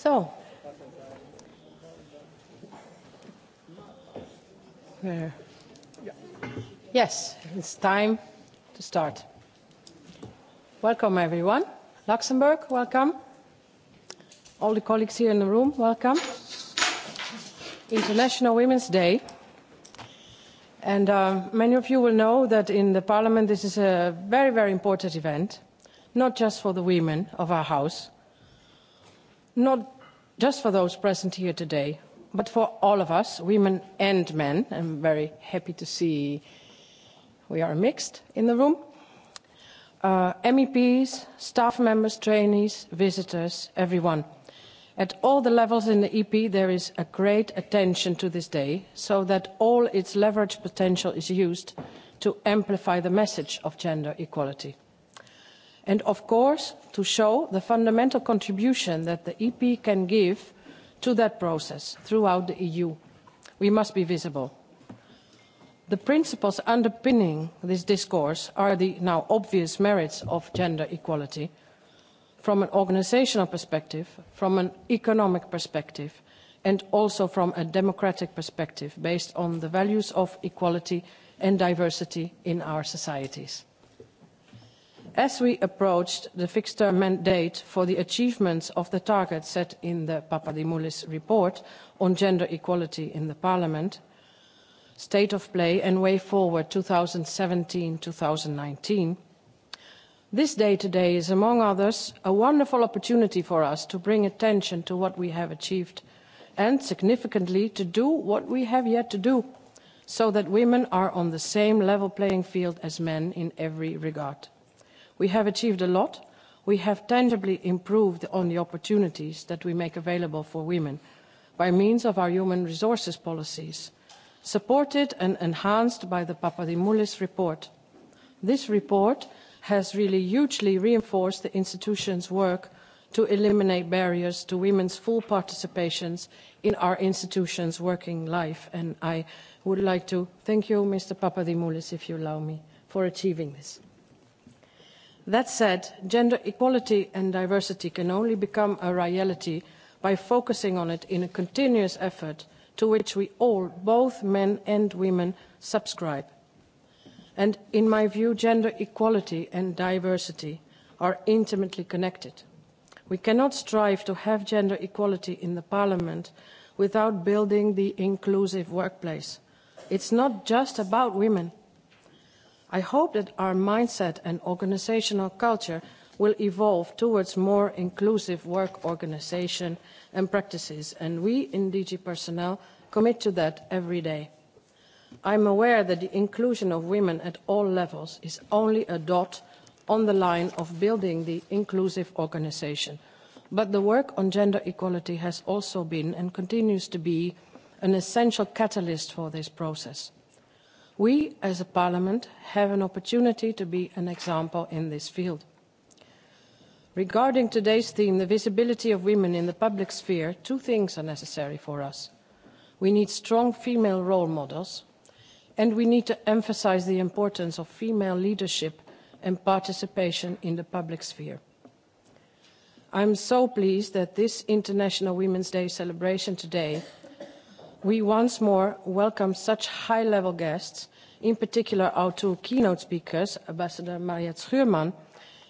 So. Yes, it's time to start. Welcome, everyone. Luxembourg, welcome. All the colleagues here in the room, welcome. International Women's Day. And uh many of you will know that in the Parliament this is a very, very important event, not just for the women of our House, not just for those present here today, but for all of us, women and men. I'm very happy to see we are mixed in the room. MEPs, staff members, trainees, visitors, everyone. At all the levels in the EP there is a great attention to this day so that all its leverage potential is used to amplify the message of gender equality and of course to show the fundamental contribution that the ep can give to that process throughout the eu. we must be visible. the principles underpinning this discourse are the now obvious merits of gender equality from an organisational perspective from an economic perspective and also from a democratic perspective based on the values of equality and diversity in our societies as we approached the fixed term mandate for the achievements of the targets set in the papadimoulis report on gender equality in parliament state of play and way forward 2017-2019, this day today is among others a wonderful opportunity for us to bring attention to what we have achieved and significantly to do what we have yet to do so that women are on the same level playing field as men in every regard we have achieved a lot we have tangibly improved on the opportunities that we make available for women by means of our human resources policies supported and enhanced by the papadimoulis report. this report has really hugely reinforced the institution's work to eliminate barriers to women's full participation in our institutions' working life and i would like to thank you mr papadimoulis if you allow me for achieving this. That said, gender equality and diversity can only become a reality by focusing on it in a continuous effort to which we all, both men and women, subscribe. And in my view, gender equality and diversity are intimately connected. We cannot strive to have gender equality in the Parliament without building the inclusive workplace. It's not just about women I hope that our mindset and organisational culture will evolve towards more inclusive work organisation and practices, and we in DG Personnel commit to that every day. I am aware that the inclusion of women at all levels is only a dot on the line of building the inclusive organisation, but the work on gender equality has also been and continues to be an essential catalyst for this process. We, as a Parliament, have an opportunity to be an example in this field. Regarding today's theme, the visibility of women in the public sphere, two things are necessary for us. We need strong female role models, and we need to emphasise the importance of female leadership and participation in the public sphere. I am so pleased that this International Women's Day celebration today we once more welcome such high level guests in particular our two keynote speakers ambassador Maria schuurman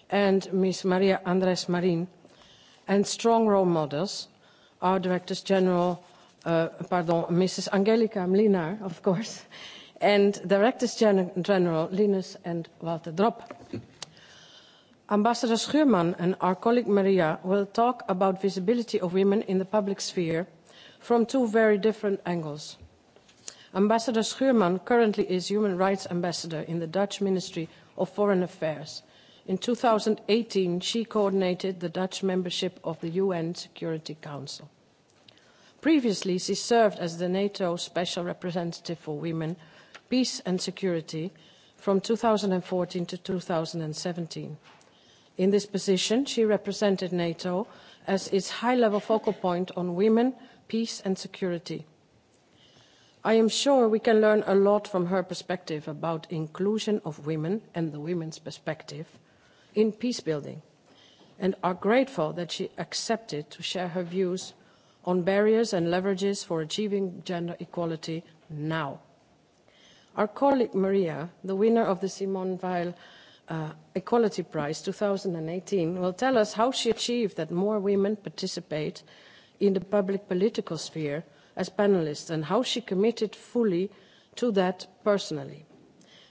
and ms maria andres marin and strong role models our Directors general pardon mrs angelika mlinar of course and directors general linus and walter drop. ambassador schuurman and our colleague maria will talk about visibility of women in the public sphere from two very different angles. Ambassador Schuurman currently is Human Rights Ambassador in the Dutch Ministry of Foreign Affairs. In 2018, she coordinated the Dutch membership of the UN Security Council. Previously, she served as the NATO Special Representative for Women, Peace and Security from 2014 to 2017. In this position, she represented NATO as its high-level focal point on women, peace and security. I am sure we can learn a lot from her perspective about inclusion of women and the women's perspective in peace building and are grateful that she accepted to share her views on barriers and leverages for achieving gender equality now. Our colleague Maria, the winner of the Simone Weil Equality Prize 2018, will tell us how she achieved that more women participate in the public political sphere as panelist and how she committed fully to that personally.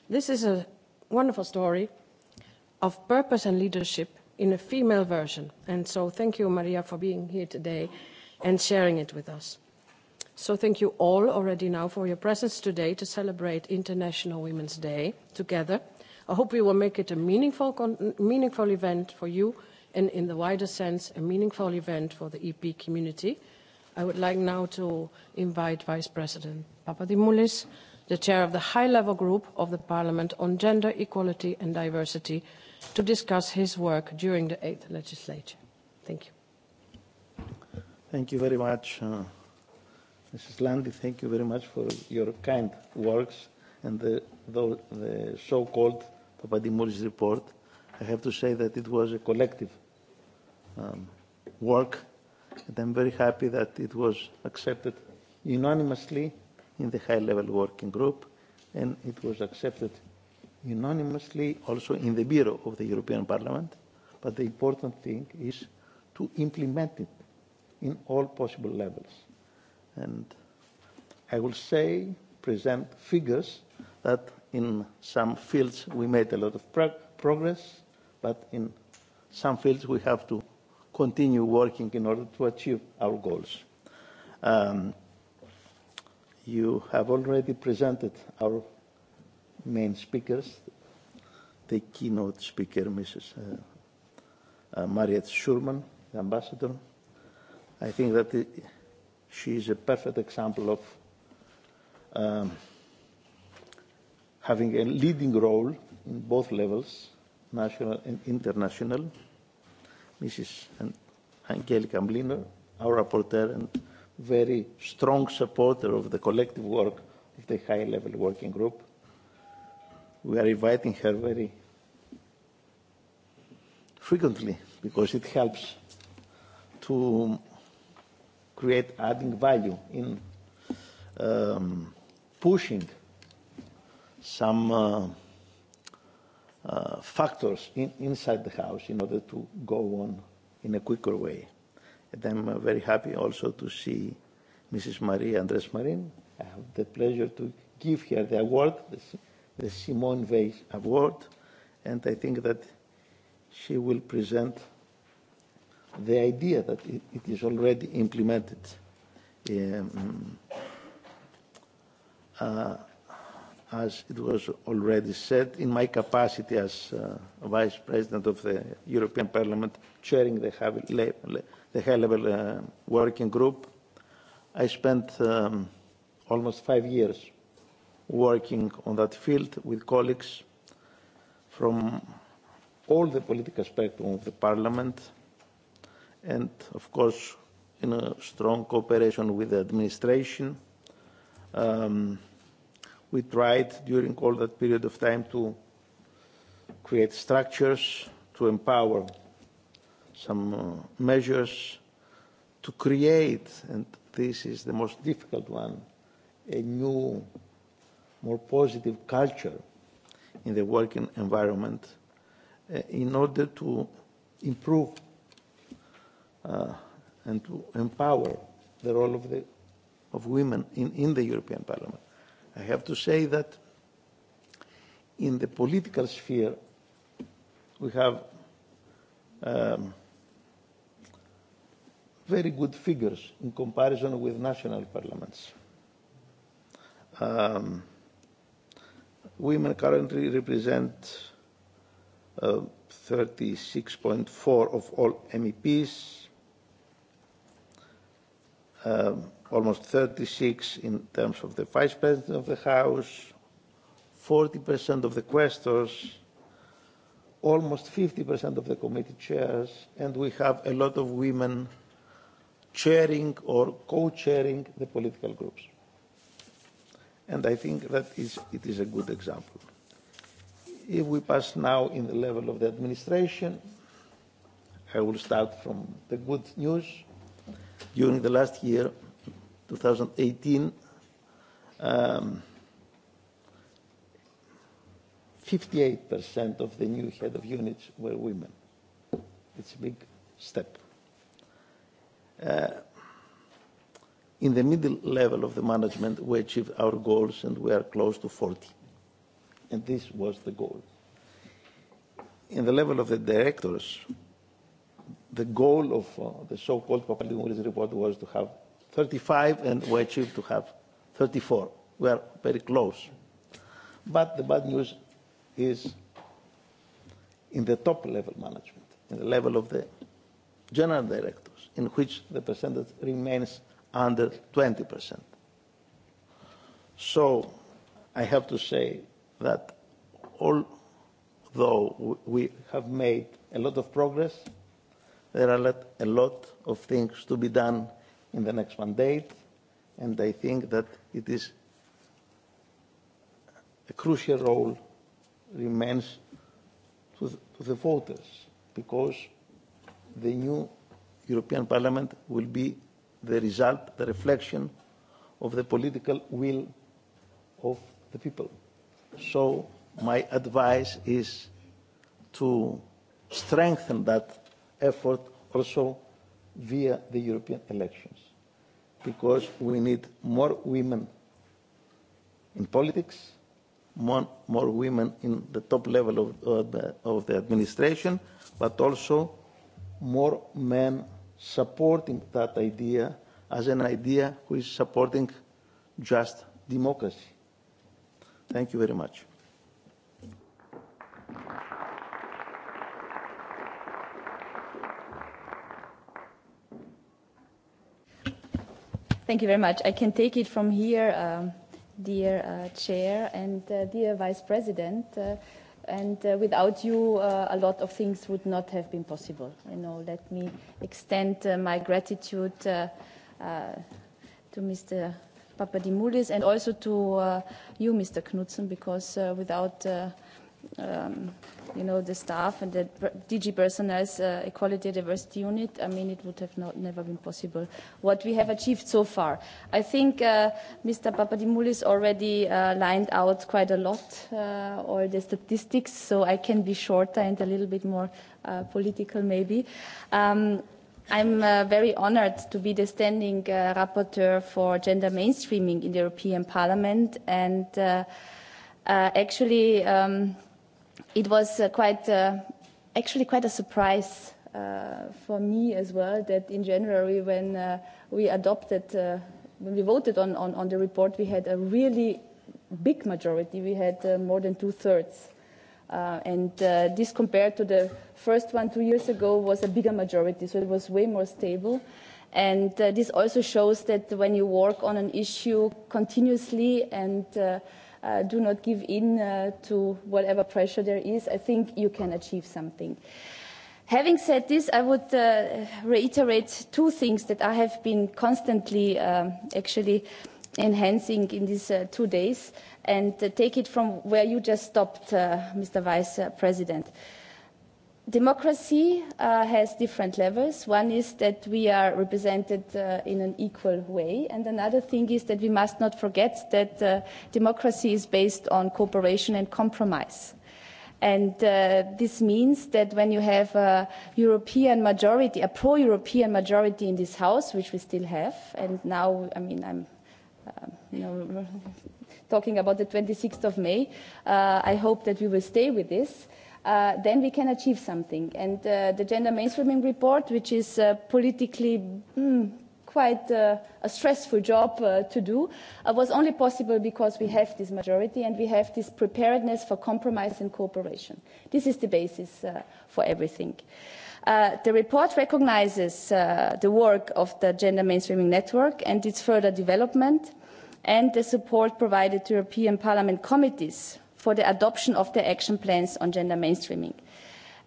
This is a wonderful story of purpose and leadership in a female version. And so thank you, Maria, for being here today and sharing it with us. So thank you all already now for your presence today to celebrate International Women's Day together. I hope we will make it a meaningful meaningful event for you and in the wider sense a meaningful event for the ep community. i would like now to invite vice president papadimoulis the chair of the high level group of the parliament on gender equality and diversity to discuss his work during the eighth legislature. thank you. thank you very much mrs landi thank you very much for your kind words and the, the, the so-called papadimoulis report. i have to say that it was a collective work. And I'm very happy that it was accepted unanimously in the high-level working group, and it was accepted unanimously also in the Bureau of the European Parliament. But the important thing is to implement it in all possible levels. And I will say, present figures that in some fields we made a lot of progress, but in some fields we have to continue working in order to achieve our goals. You have already presented our main speakers, the keynote speaker, Mrs. Mariette Schurman, the ambassador. I think that she is a perfect example of having a leading role in both levels, national and international. Mrs. Angelica Mlino, our rapporteur and very strong supporter of the collective work of the high-level working group. We are inviting her very frequently because it helps to create adding value in um, pushing some factors in, inside the house in order to go on in a quicker way. And I'm very happy also to see Mrs. Maria Andres Marin. I have the pleasure to give her the award, the, the Simone Weiss Award, and I think that she will present the idea that it, it is already implemented. Um, as it was already said, in my capacity as Vice President of the European Parliament, chairing the high-level working group, I spent almost five years working on that field with colleagues from all the political spectrum of the Parliament and, of course, in a strong cooperation with the administration. Um, We tried during all that period of time to create structures, to empower some measures, to create, and this is the most difficult one, a new, more positive culture in the working environment in order to improve and to empower the role of the of women in in the European Parliament. I have to say that in the political sphere, we have um, very good figures in comparison with national parliaments. Um, women currently represent uh, 36.4 of all MEPs. Um, almost 36 in terms of the Vice President of the House, 40% of the questors, almost 50% of the committee chairs, and we have a lot of women chairing or co-chairing the political groups. And I think that is, it is a good example. If we pass now in the level of the administration, I will start from the good news. During the last year, 2018 um, 58% of the new head of units were women. It's a big step. Uh, in the middle level of the management, we achieved our goals and we are close to 40. And this was the goal. In the level of the directors, the goal of uh, the so-called Papadimoulis report was to have 35 and we achieved to have 34. We are very close. But the bad news is in the top level management, in the level of the general directors, in which the percentage remains under 20%. So I have to say that although we have made a lot of progress, there are a lot of things to be done in the next mandate, and I think that it is a crucial role remains to the voters because the new European Parliament will be the result, the reflection of the political will of the people. So my advice is to strengthen that effort also via the European elections. Because we need more women in politics, more, more women in the top level of, of, the, of the administration, but also more men supporting that idea as an idea who is supporting just democracy. Thank you very much. Thank you very much. I can take it from here, dear Chair and dear Vice President. And without you, a lot of things would not have been possible. You know, let me extend my gratitude to Mr. Papadimoulis and also to you, Mr. Knudsen, because without you know, the staff and the DG personnel's equality diversity unit, I mean, it would have not, never been possible. What we have achieved so far, I think Mr. Papadimoulis already lined out quite a lot, all the statistics, so I can be shorter and a little bit more political, maybe. I'm very honored to be the standing rapporteur for gender mainstreaming in the European Parliament, and actually. It was quite actually quite a surprise for me as well that in January when we adopted when we voted on on on the report we had a really big majority we had more than two thirds and this compared to the first one two years ago was a bigger majority so it was way more stable and this also shows that when you work on an issue continuously and do not give in to whatever pressure there is. I think you can achieve something. Having said this, I would reiterate two things that I have been constantly actually enhancing in these two days and take it from where you just stopped, Mr. Vice President. Democracy has different levels. One is that we are represented in an equal way, and another thing is that we must not forget that democracy is based on cooperation and compromise. And this means that when you have a European majority, a pro-European majority in this House, which we still have, and now, I mean, I'm you know talking about the 26th of May, I hope that we will stay with this uh then we can achieve something. And the gender mainstreaming report, which is politically quite a stressful job to do, was only possible because we have this majority and we have this preparedness for compromise and cooperation. This is the basis for everything. Uh The report recognizes the work of the Gender Mainstreaming Network and its further development and the support provided to European Parliament committees for the adoption of the action plans on gender mainstreaming.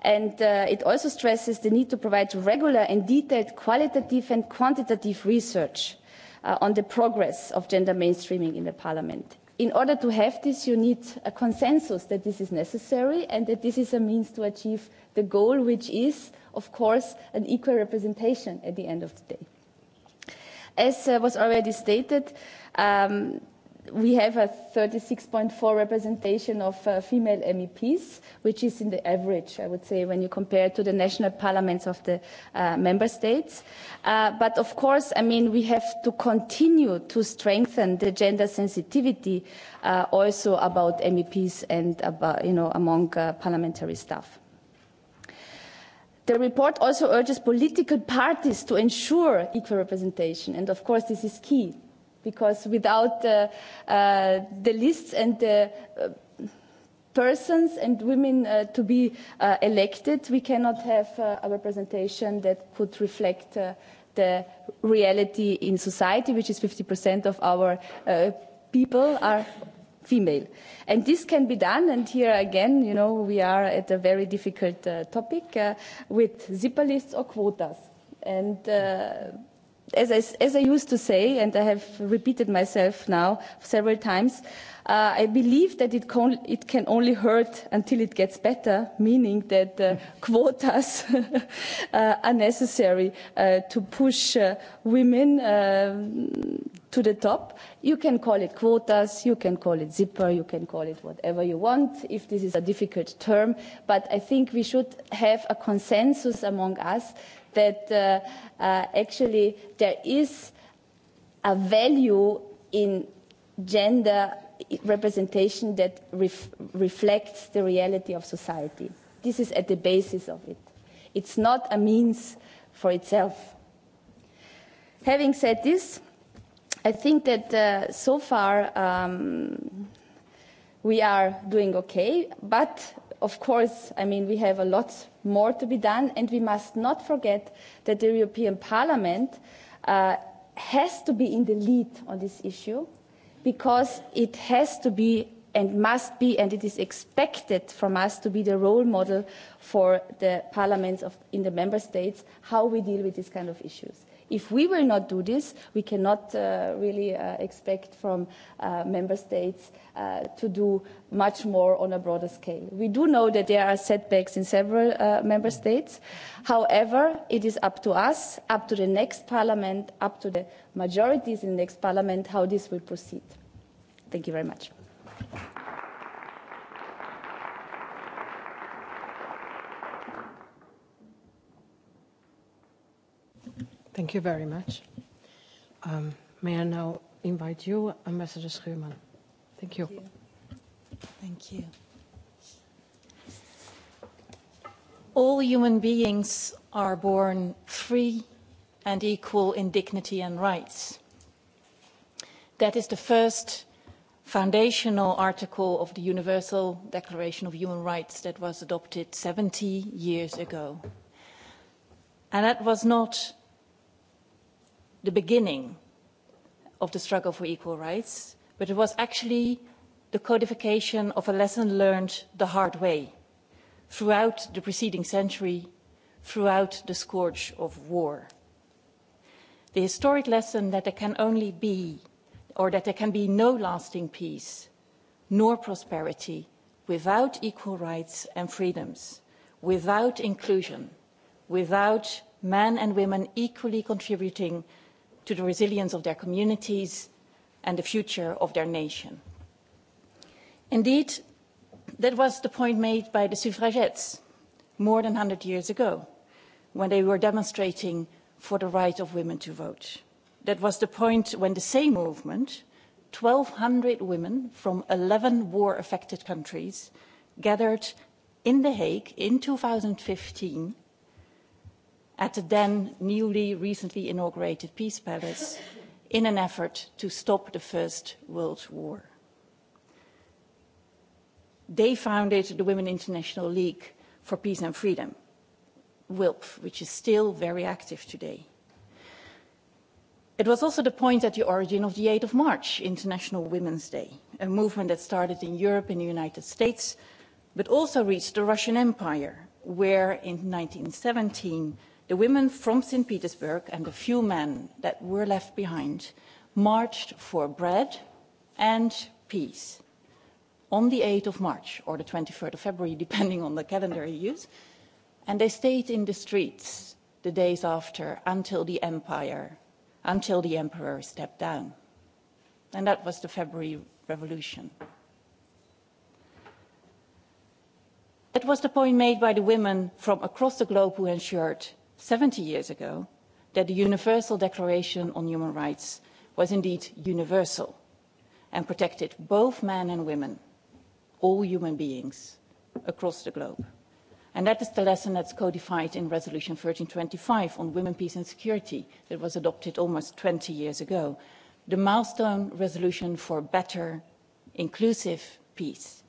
And it also stresses the need to provide regular and detailed qualitative and quantitative research on the progress of gender mainstreaming in the Parliament. In order to have this, you need a consensus that this is necessary and that this is a means to achieve the goal, which is, of course, an equal representation at the end of the day. As was already stated, we have a 36.4 representation of female MEPs, which is in the average, I would say, when you compare to the national parliaments of the member states. But of course, I mean, we have to continue to strengthen the gender sensitivity also about MEPs and about, you know, among parliamentary staff. The report also urges political parties to ensure equal representation, and of course this is key because without the lists and the persons and women to be elected, we cannot have a representation that could reflect the reality in society, which is 50% of our people are female. And this can be done, and here again, you know, we are at a very difficult topic with zipper lists or quotas. And as I used to say, and I have repeated myself now several times, I believe that it can only hurt until it gets better, meaning that quotas are necessary to push women to the top. You can call it quotas, you can call it zipper, you can call it whatever you want, if this is a difficult term, but I think we should have a consensus among us that actually there is a value in gender representation that reflects the reality of society. This is at the basis of it. It's not a means for itself. Having said this, I think that so far we are doing okay, but Of course, I mean, we have a lot more to be done, and we must not forget that the European Parliament has to be in the lead on this issue because it has to be and must be, and it is expected from us to be the role model for the parliaments in the member states, how we deal with these kind of issues. If we will not do this, we cannot really expect from member states to do much more on a broader scale. We do know that there are setbacks in several member states. However, it is up to us, up to the next parliament, up to the majorities in the next parliament, how this will proceed. Thank you very much. Thank you very much. Um, may I now invite you, Ambassador Schumann. Thank you. Thank you. All human beings are born free and equal in dignity and rights. That is the first foundational article of the Universal Declaration of Human Rights that was adopted 70 years ago. And that was not the beginning of the struggle for equal rights, but it was actually the codification of a lesson learned the hard way throughout the preceding century, throughout the scourge of war. The historic lesson that there can only be, or that there can be no lasting peace nor prosperity without equal rights and freedoms, without inclusion, without men and women equally contributing to the resilience of their communities and the future of their nation. Indeed, that was the point made by the suffragettes more than 100 years ago when they were demonstrating for the right of women to vote. That was the point when the same movement, 1,200 women from 11 war-affected countries, gathered in The Hague in 2015 at the then newly recently inaugurated Peace Palace in an effort to stop the First World War. They founded the Women International League for Peace and Freedom, WILP, which is still very active today. It was also the point at the origin of the 8th of March, International Women's Day, a movement that started in Europe and the United States, but also reached the Russian Empire, where in 1917 The women from St. Petersburg and the few men that were left behind marched for bread and peace. On the 8th of March or the 23rd of February, depending on the calendar you use, and they stayed in the streets the days after until the empire, until the emperor stepped down. And that was the February Revolution. That was the point made by the women from across the globe who ensured 70 years ago that the Universal Declaration on Human Rights was indeed universal and protected both men and women, all human beings across the globe. And that is the lesson that's codified in Resolution 1325 on women, peace and security that was adopted almost 20 years ago, the milestone resolution for better, inclusive peace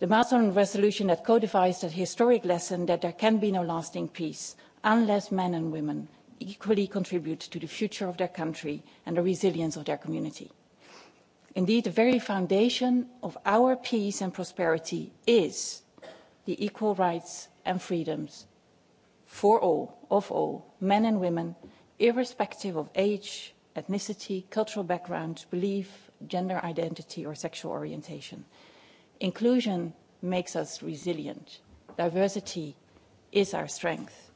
The Masterton Resolution that codifies that historic lesson that there can be no lasting peace unless men and women equally contribute to the future of their country and the resilience of their community. Indeed, the very foundation of our peace and prosperity is the equal rights and freedoms for all, of all, men and women, irrespective of age, ethnicity, cultural background, belief, gender identity or sexual orientation. Inclusion makes us resilient. Diversity is our strength.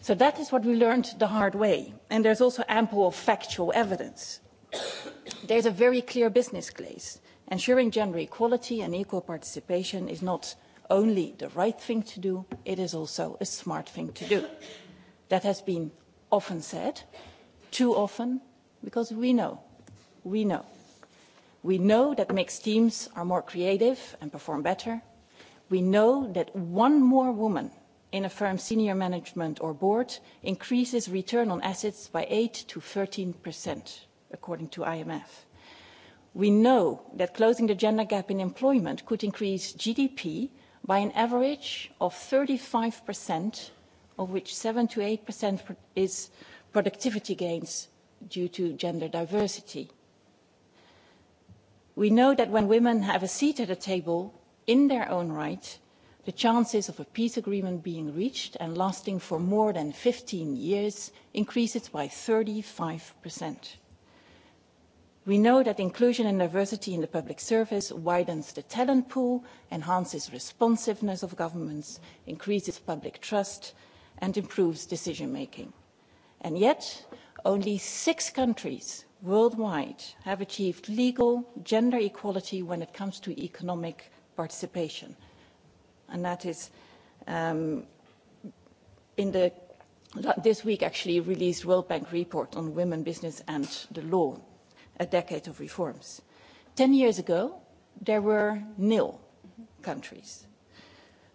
So that is what we learned the hard way. And there's also ample factual evidence. There's a very clear business case. Ensuring gender equality and equal participation is not only the right thing to do, it is also a smart thing to do. That has been often said, too often, because we know, we know. We know that mixed teams are more creative and perform better. We know that one more woman in a firm's senior management or board increases return on assets by 8 to 13%, according to IMF. We know that closing the gender gap in employment could increase GDP by an average of 35%, of which 7 to 8% is productivity gains due to gender diversity. We know that when women have a seat at a table in their own right, the chances of a peace agreement being reached and lasting for more than 15 years increases by 35%. We know that inclusion and diversity in the public service widens the talent pool, enhances responsiveness of governments, increases public trust, and improves decision-making. And yet, only six countries worldwide have achieved legal gender equality when it comes to economic participation. And that is in the this week actually released World Bank report on women, business and the law, a decade of reforms. Ten years ago, there were nil countries.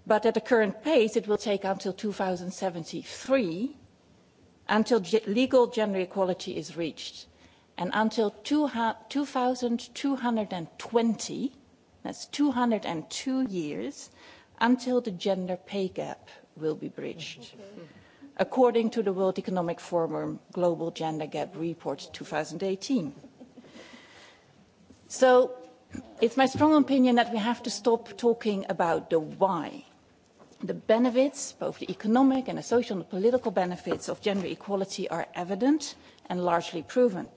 But at the current pace, it will take until 2073 until legal gender equality is reached and until 2220, that's 202 years, until the gender pay gap will be bridged. According to the World Economic Forum Global Gender Gap Report 2018. So it's my strong opinion that we have to stop talking about the why. The benefits, both the economic and the social and political benefits of gender equality are evident and largely proven.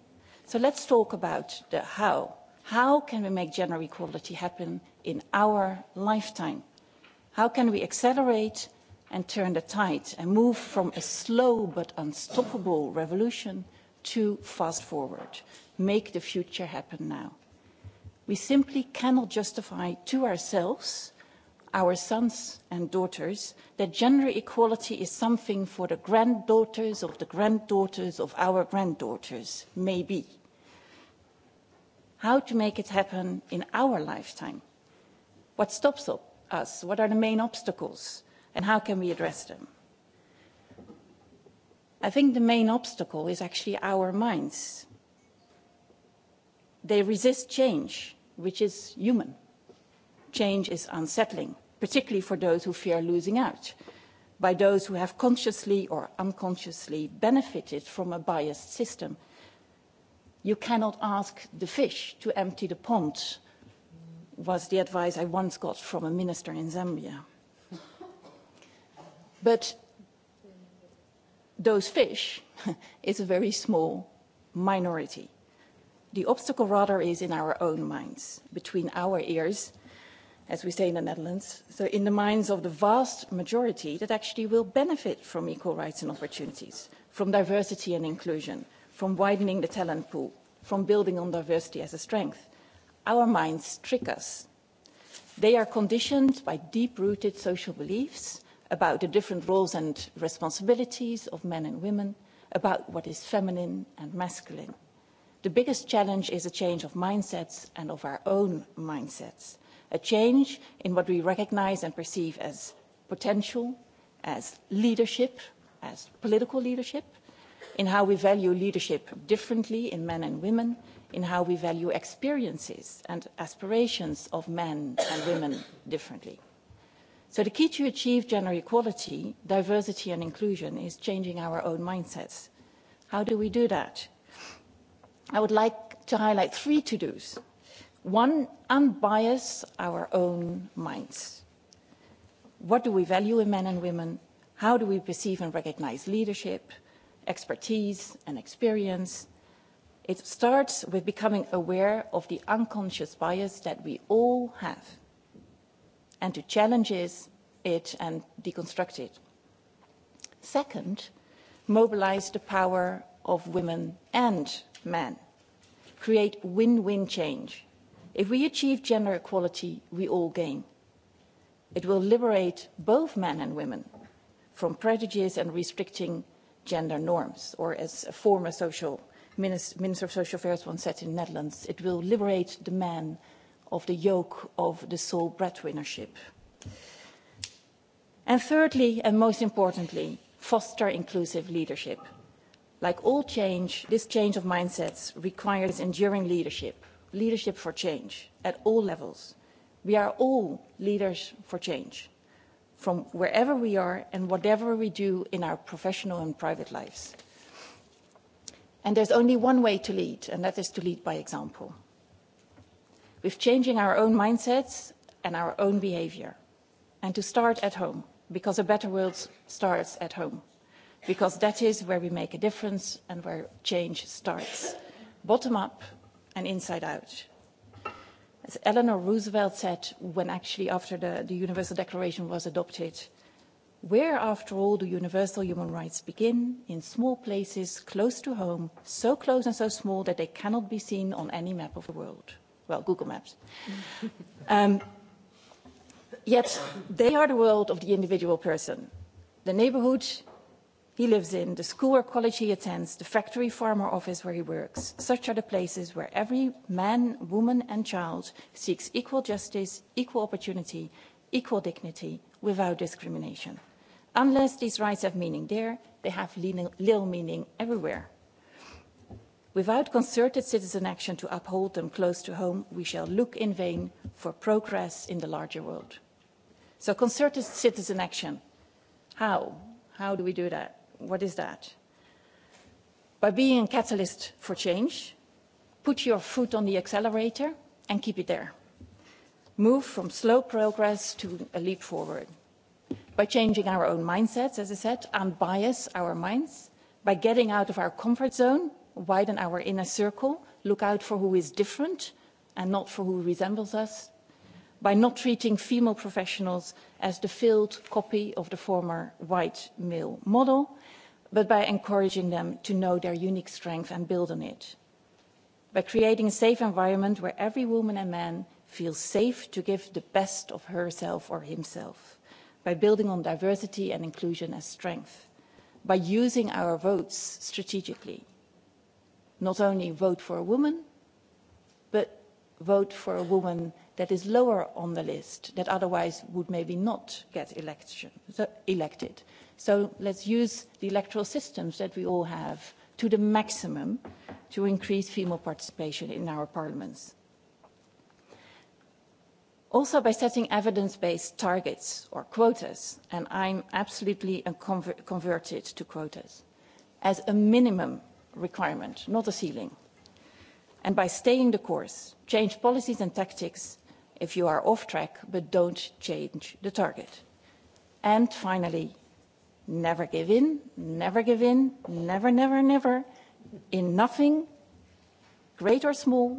So let's talk about the how. How can we make gender equality happen in our lifetime? How can we accelerate and turn the tide and move from a slow but unstoppable revolution to fast forward? Make the future happen now. We simply cannot justify to ourselves our sons and daughters that gender equality is something for the granddaughters of the granddaughters of our granddaughters, maybe. How to make it happen in our lifetime? What stops us? What are the main obstacles? And how can we address them? I think the main obstacle is actually our minds. They resist change, which is human. Change is unsettling particularly for those who fear losing out, by those who have consciously or unconsciously benefited from a biased system. You cannot ask the fish to empty the pond, was the advice I once got from a minister in Zambia. But those fish is a very small minority. The obstacle rather is in our own minds, between our ears as we say in the Netherlands, so in the minds of the vast majority that actually will benefit from equal rights and opportunities, from diversity and inclusion, from widening the talent pool, from building on diversity as a strength. Our minds trick us. They are conditioned by deep-rooted social beliefs about the different roles and responsibilities of men and women, about what is feminine and masculine. The biggest challenge is a change of mindsets and of our own mindsets a change in what we recognise and perceive as potential, as leadership, as political leadership, in how we value leadership differently in men and women, in how we value experiences and aspirations of men and women differently. So the key to achieve gender equality, diversity and inclusion is changing our own mindsets. How do we do that? I would like to highlight three to-dos One, unbias our own minds. What do we value in men and women? How do we perceive and recognize leadership, expertise and experience? It starts with becoming aware of the unconscious bias that we all have and to challenge it and deconstruct it. Second, mobilize the power of women and men. Create win-win change If we achieve gender equality, we all gain. It will liberate both men and women from prejudices and restricting gender norms, or as a former social Minister of Social Affairs once said in the Netherlands, it will liberate the man of the yoke of the sole breadwinnership. And thirdly, and most importantly, foster inclusive leadership. Like all change, this change of mindsets requires enduring leadership leadership for change at all levels. We are all leaders for change from wherever we are and whatever we do in our professional and private lives. And there's only one way to lead, and that is to lead by example. With changing our own mindsets and our own behavior. And to start at home, because a better world starts at home. Because that is where we make a difference and where change starts. Bottom up and inside out. As Eleanor Roosevelt said when actually after the, the Universal Declaration was adopted, where after all do universal human rights begin? In small places, close to home, so close and so small that they cannot be seen on any map of the world. Well, Google Maps. um, yet they are the world of the individual person. The neighborhood he lives in, the school or college he attends, the factory, farm or office where he works. Such are the places where every man, woman and child seeks equal justice, equal opportunity, equal dignity, without discrimination. Unless these rights have meaning there, they have little meaning everywhere. Without concerted citizen action to uphold them close to home, we shall look in vain for progress in the larger world. So concerted citizen action. How? How do we do that? What is that? By being a catalyst for change, put your foot on the accelerator and keep it there. Move from slow progress to a leap forward. By changing our own mindsets, as I said, unbias our minds, by getting out of our comfort zone, widen our inner circle, look out for who is different and not for who resembles us, by not treating female professionals as the failed copy of the former white male model, but by encouraging them to know their unique strength and build on it. By creating a safe environment where every woman and man feels safe to give the best of herself or himself. By building on diversity and inclusion as strength. By using our votes strategically. Not only vote for a woman, but vote for a woman that is lower on the list that otherwise would maybe not get elected. So let's use the electoral systems that we all have to the maximum to increase female participation in our parliaments. Also by setting evidence-based targets or quotas, and I'm absolutely converted to quotas, as a minimum requirement, not a ceiling and by staying the course change policies and tactics if you are off track but don't change the target and finally never give in never give in never never never in nothing great or small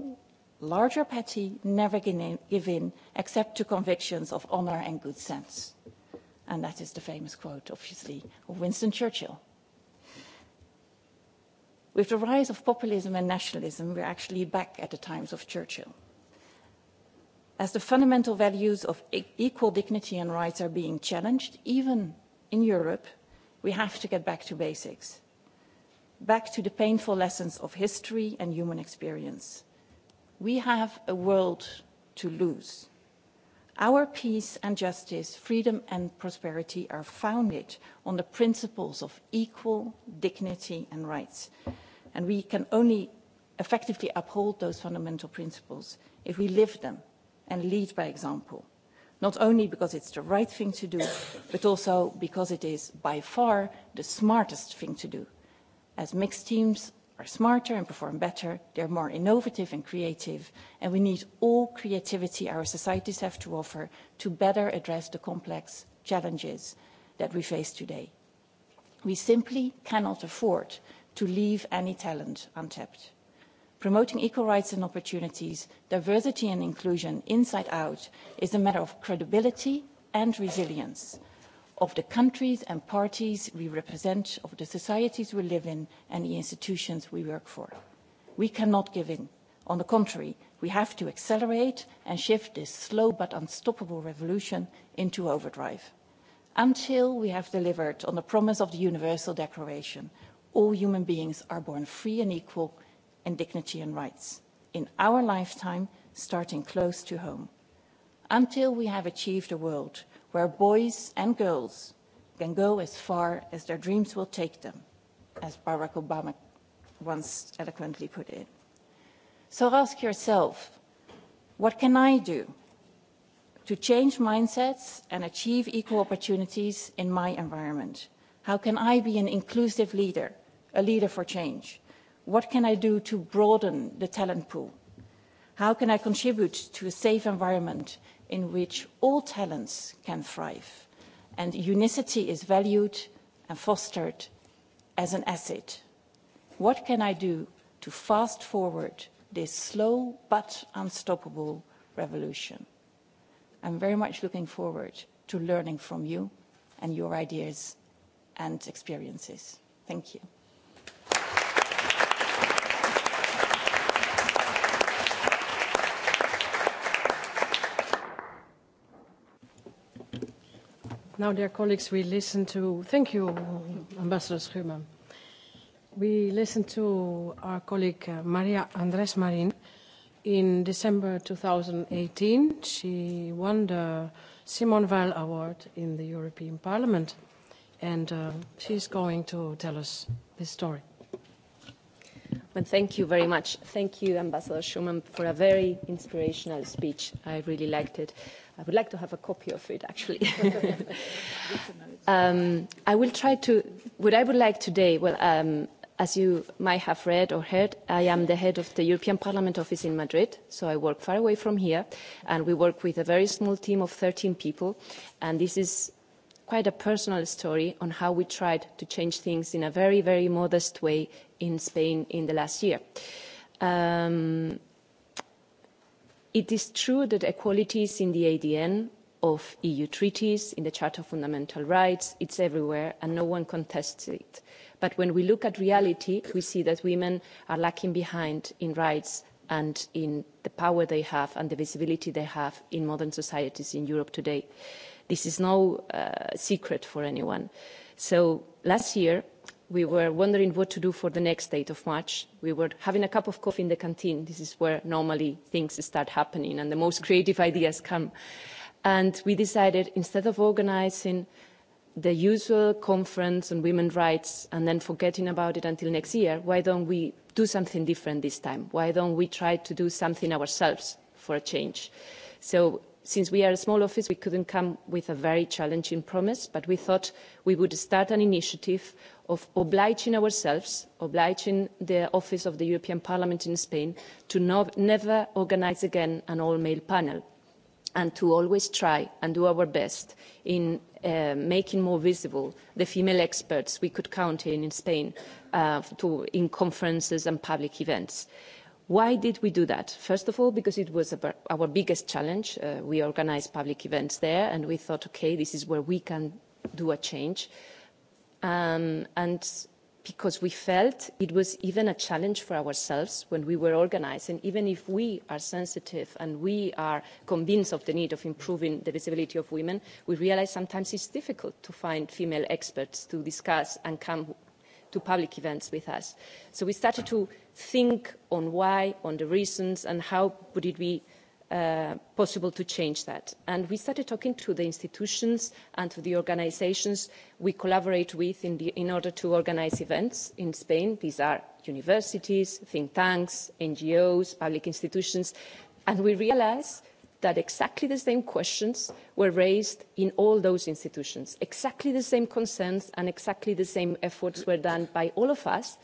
large or petty never give in except to convictions of honor and good sense and that is the famous quote obviously of winston churchill With the rise of populism and nationalism, we're actually back at the times of Churchill. As the fundamental values of equal dignity and rights are being challenged, even in Europe, we have to get back to basics, back to the painful lessons of history and human experience. We have a world to lose. Our peace and justice, freedom and prosperity are founded on the principles of equal dignity and rights and we can only effectively uphold those fundamental principles if we live them and lead by example not only because it's the right thing to do but also because it is by far the smartest thing to do as mixed teams are smarter and perform better they're more innovative and creative and we need all creativity our societies have to offer to better address the complex challenges that we face today we simply cannot afford to leave any talent untapped. Promoting equal rights and opportunities, diversity and inclusion inside out is a matter of credibility and resilience of the countries and parties we represent, of the societies we live in and the institutions we work for. We cannot give in. On the contrary, we have to accelerate and shift this slow but unstoppable revolution into overdrive until we have delivered on the promise of the Universal Declaration all human beings are born free and equal in dignity and rights, in our lifetime, starting close to home, until we have achieved a world where boys and girls can go as far as their dreams will take them, as Barack Obama once eloquently put it. So ask yourself, what can I do to change mindsets and achieve equal opportunities in my environment? How can I be an inclusive leader? a leader for change? What can I do to broaden the talent pool? How can I contribute to a safe environment in which all talents can thrive and unicity is valued and fostered as an asset? What can I do to fast forward this slow but unstoppable revolution? I'm very much looking forward to learning from you and your ideas and experiences. Thank you. Now, dear colleagues, we listen to... Thank you, Ambassador Schumann. We listened to our colleague Maria Andres Marin. In December 2018, she won the Simon Weil Award in the European Parliament, and she's going to tell us this story. Well, thank you very much. Thank you, Ambassador Schumann, for a very inspirational speech. I really liked it. I would like to have a copy of it, actually. um, I will try to. What I would like today, well, um, as you might have read or heard, I am the head of the European Parliament office in Madrid, so I work far away from here, and we work with a very small team of 13 people, and this is quite a personal story on how we tried to change things in a very, very modest way in Spain in the last year. Um, It is true that equality is in the ADN of EU treaties, in the Charter of Fundamental Rights, it's everywhere, and no one contests it. But when we look at reality, we see that women are lacking behind in rights and in the power they have and the visibility they have in modern societies in Europe today. This is no secret for anyone. So last year, we were wondering what to do for the next date of March. We were having a cup of coffee in the canteen. This is where normally things start happening and the most creative ideas come. And we decided instead of organising the usual conference on women's rights and then forgetting about it until next year, why don't we do something different this time? Why don't we try to do something ourselves for a change? So Since we are a small office, we couldn't come with a very challenging promise, but we thought we would start an initiative of obliging ourselves, obliging the Office of the European Parliament in Spain to never organise again an all-male panel and to always try and do our best in making more visible the female experts we could count in Spain in conferences and public events. Why did we do that? First of all, because it was our biggest challenge. We organized public events there, and we thought, okay, this is where we can do a change. And because we felt it was even a challenge for ourselves when we were organizing, even if we are sensitive and we are convinced of the need of improving the visibility of women, we realise sometimes it's difficult to find female experts to discuss and come to public events with us. So we started to think on why, on the reasons, and how would it be possible to change that. And we started talking to the institutions and to the organisations we collaborate with in in order to organize events in Spain. These are universities, think tanks, NGOs, public institutions. And we realized that exactly the same questions were raised in all those institutions exactly the same concerns and exactly the same efforts were done by all of us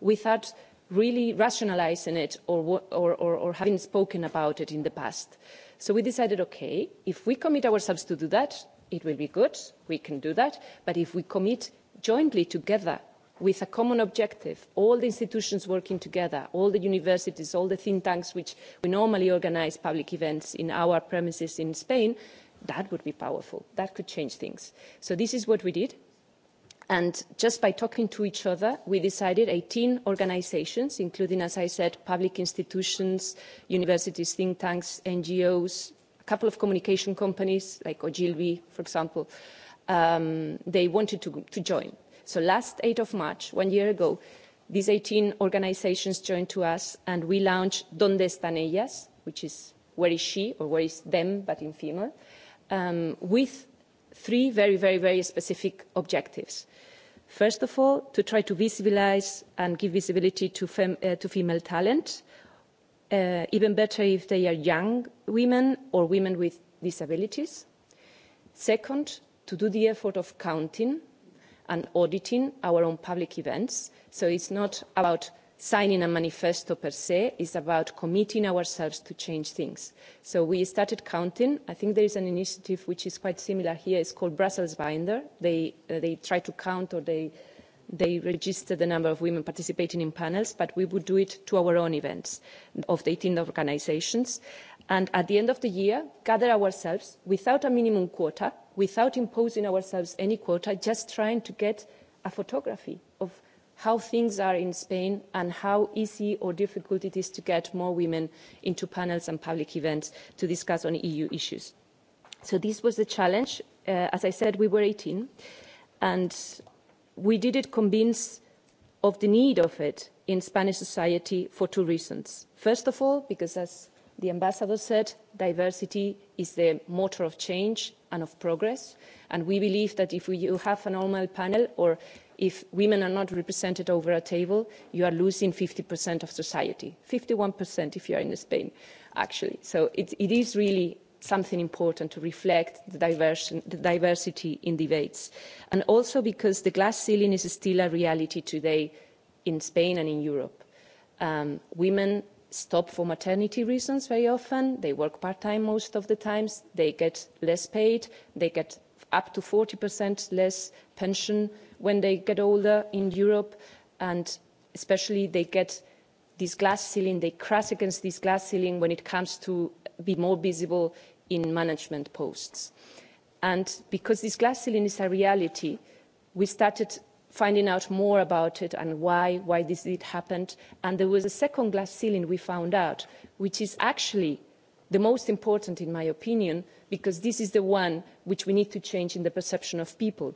without really rationalising it or having spoken about it in the past. so we decided okay if we commit ourselves to do that it will be good we can do that but if we commit jointly together with a common objective, all the institutions working together, all the universities, all the think tanks which we normally organise public events in our premises in Spain, that would be powerful. That could change things. So this is what we did. And just by talking to each other, we decided 18 organisations, including, as I said, public institutions, universities, think tanks, NGOs, a couple of communication companies like Ogilvy, for example, they wanted to join So last 8 of March, one year ago, these 18 organisations joined to us and we launched Donde están ellas, which is where is she or where is them, but in female, with three very, very, very specific objectives. First of all, to try to visibilise and give visibility to female talent, even better if they are young women or women with disabilities. Second, to do the effort of counting and auditing our own public events. So it's not about signing a manifesto per se, it's about committing ourselves to change things. So we started counting. I think there is an initiative which is quite similar here. It's called Brussels Binder. They, they try to count or they, they register the number of women participating in panels, but we would do it to our own events of the 18 organizations. And at the end of the year, gather ourselves without a minimum quota without imposing ourselves any quota, just trying to get a photography of how things are in Spain and how easy or difficult it is to get more women into panels and public events to discuss on EU issues. So this was the challenge. As I said, we were 18, and we did it convinced of the need of it in Spanish society for two reasons. First of all, because as the ambassador said diversity is the motor of change and of progress and we believe that if you have a normal panel or if women are not represented over a table you are losing 50% of society 51% if you are in spain actually so it it is really something important to reflect the diversity in debates and also because the glass ceiling is still a reality today in spain and in europe Um women stop for maternity reasons very often. They work part-time most of the times. They get less paid. They get up to 40% less pension when they get older in Europe. And especially they get this glass ceiling, they crash against this glass ceiling when it comes to be more visible in management posts. And because this glass ceiling is a reality, we started finding out more about it and why why this did happen and there was a second glass ceiling we found out which is actually the most important in my opinion because this is the one which we need to change in the perception of people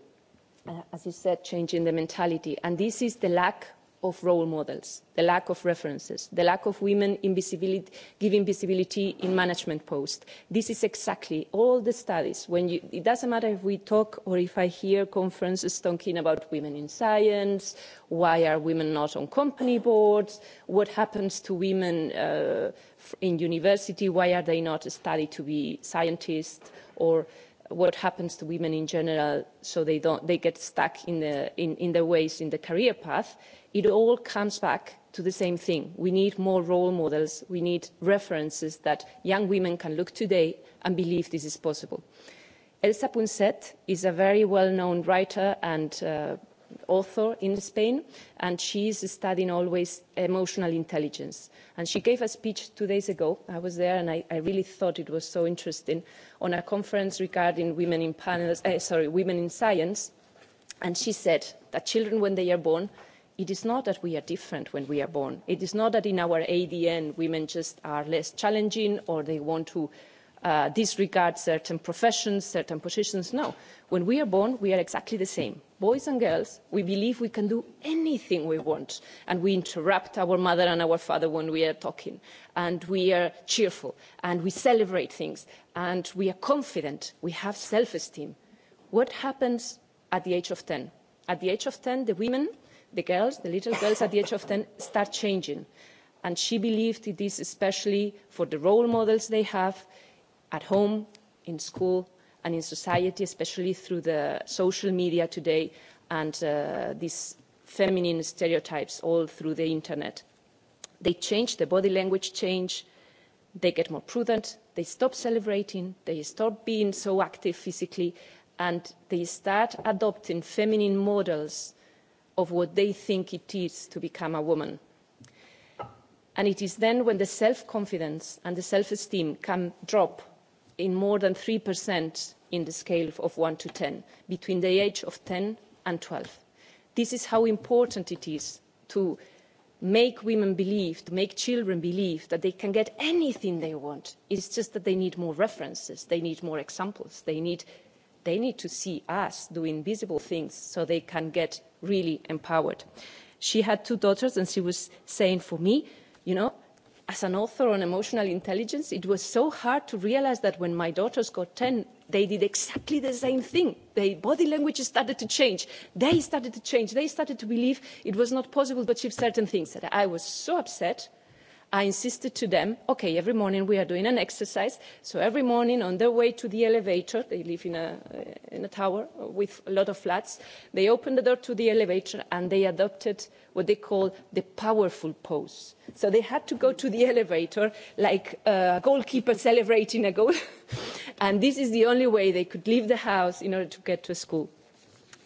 as you said changing the mentality and this is the lack of role models, the lack of references, the lack of women giving visibility in management posts. This is exactly all the studies. When It doesn't matter if we talk or if I hear conferences talking about women in science, why are women not on company boards, what happens to women in university, why are they not studied to be scientists or what happens to women in general so they don't they get stuck in the in, in their ways in the career path it all comes back to the same thing we need more role models we need references that young women can look today and believe this is possible elsa punset is a very well known writer and author in Spain, and she is studying always emotional intelligence. And she gave a speech two days ago. I was there, and I really thought it was so interesting on a conference regarding women in panels, sorry, women in science. And she said that children, when they are born, it is not that we are different when we are born. It is not that in our ADN women just are less challenging or they want to disregard certain professions, certain positions. No. When we are born, we are exactly the same. Boys and girls, we believe we can do anything we want. And we interrupt our mother and our father when we are talking. And we are cheerful. And we celebrate things. And we are confident. We have self-esteem. What happens at the age of 10? At the age of 10, the women, the girls, the little girls at the age of 10 start changing. And she believed it is especially for the role models they have at home, in school and in society, especially through the social media today and these feminine stereotypes all through the internet. They change, the body language change, they get more prudent, they stop celebrating, they stop being so active physically and they start adopting feminine models of what they think it is to become a woman. And it is then when the self-confidence and the self-esteem can drop in more than 3% in the scale of 1 to 10, between the age of 10 and 12. This is how important it is to make women believe, to make children believe that they can get anything they want. It's just that they need more references, they need more examples, they need, they need to see us doing visible things so they can get really empowered. She had two daughters and she was saying for me, you know, as an author on emotional intelligence it was so hard to realise that when my daughters got 10 they did exactly the same thing their body language started to change they started to change they started to believe it was not possible to achieve certain things i was so upset I insisted to them, okay, every morning we are doing an exercise, so every morning on their way to the elevator, they live in a, in a tower with a lot of flats, they open the door to the elevator and they adopted what they call the powerful pose. So they had to go to the elevator like a goalkeeper celebrating a goal. and this is the only way they could leave the house in order to get to school.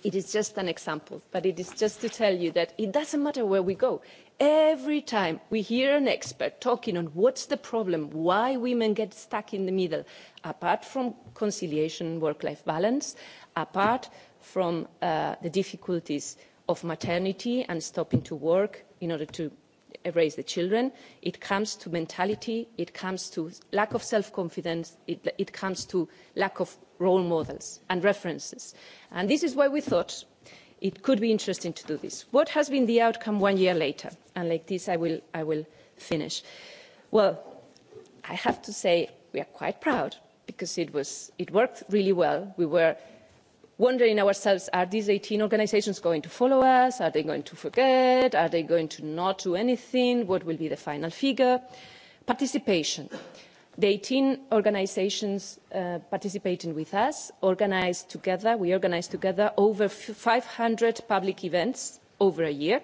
It is just an example, but it is just to tell you that it doesn't matter where we go every time we hear an expert talking on what's the problem why women get stuck in the middle apart from conciliation work life balance apart from the difficulties of maternity and stopping to work in order to raise the children it comes to mentality it comes to lack of self confidence it comes to lack of role models and references and this is why we thought it could be interesting to do this. What has been the outcome one year later? And like this, I will, I will finish. Well, I have to say we are quite proud because it, was, it worked really well. We were wondering ourselves, are these 18 organizations going to follow us? Are they going to forget? Are they going to not do anything? What will be the final figure? Participation. The 18 organisations participating with us organised together, we organised together over 500 public events over a year,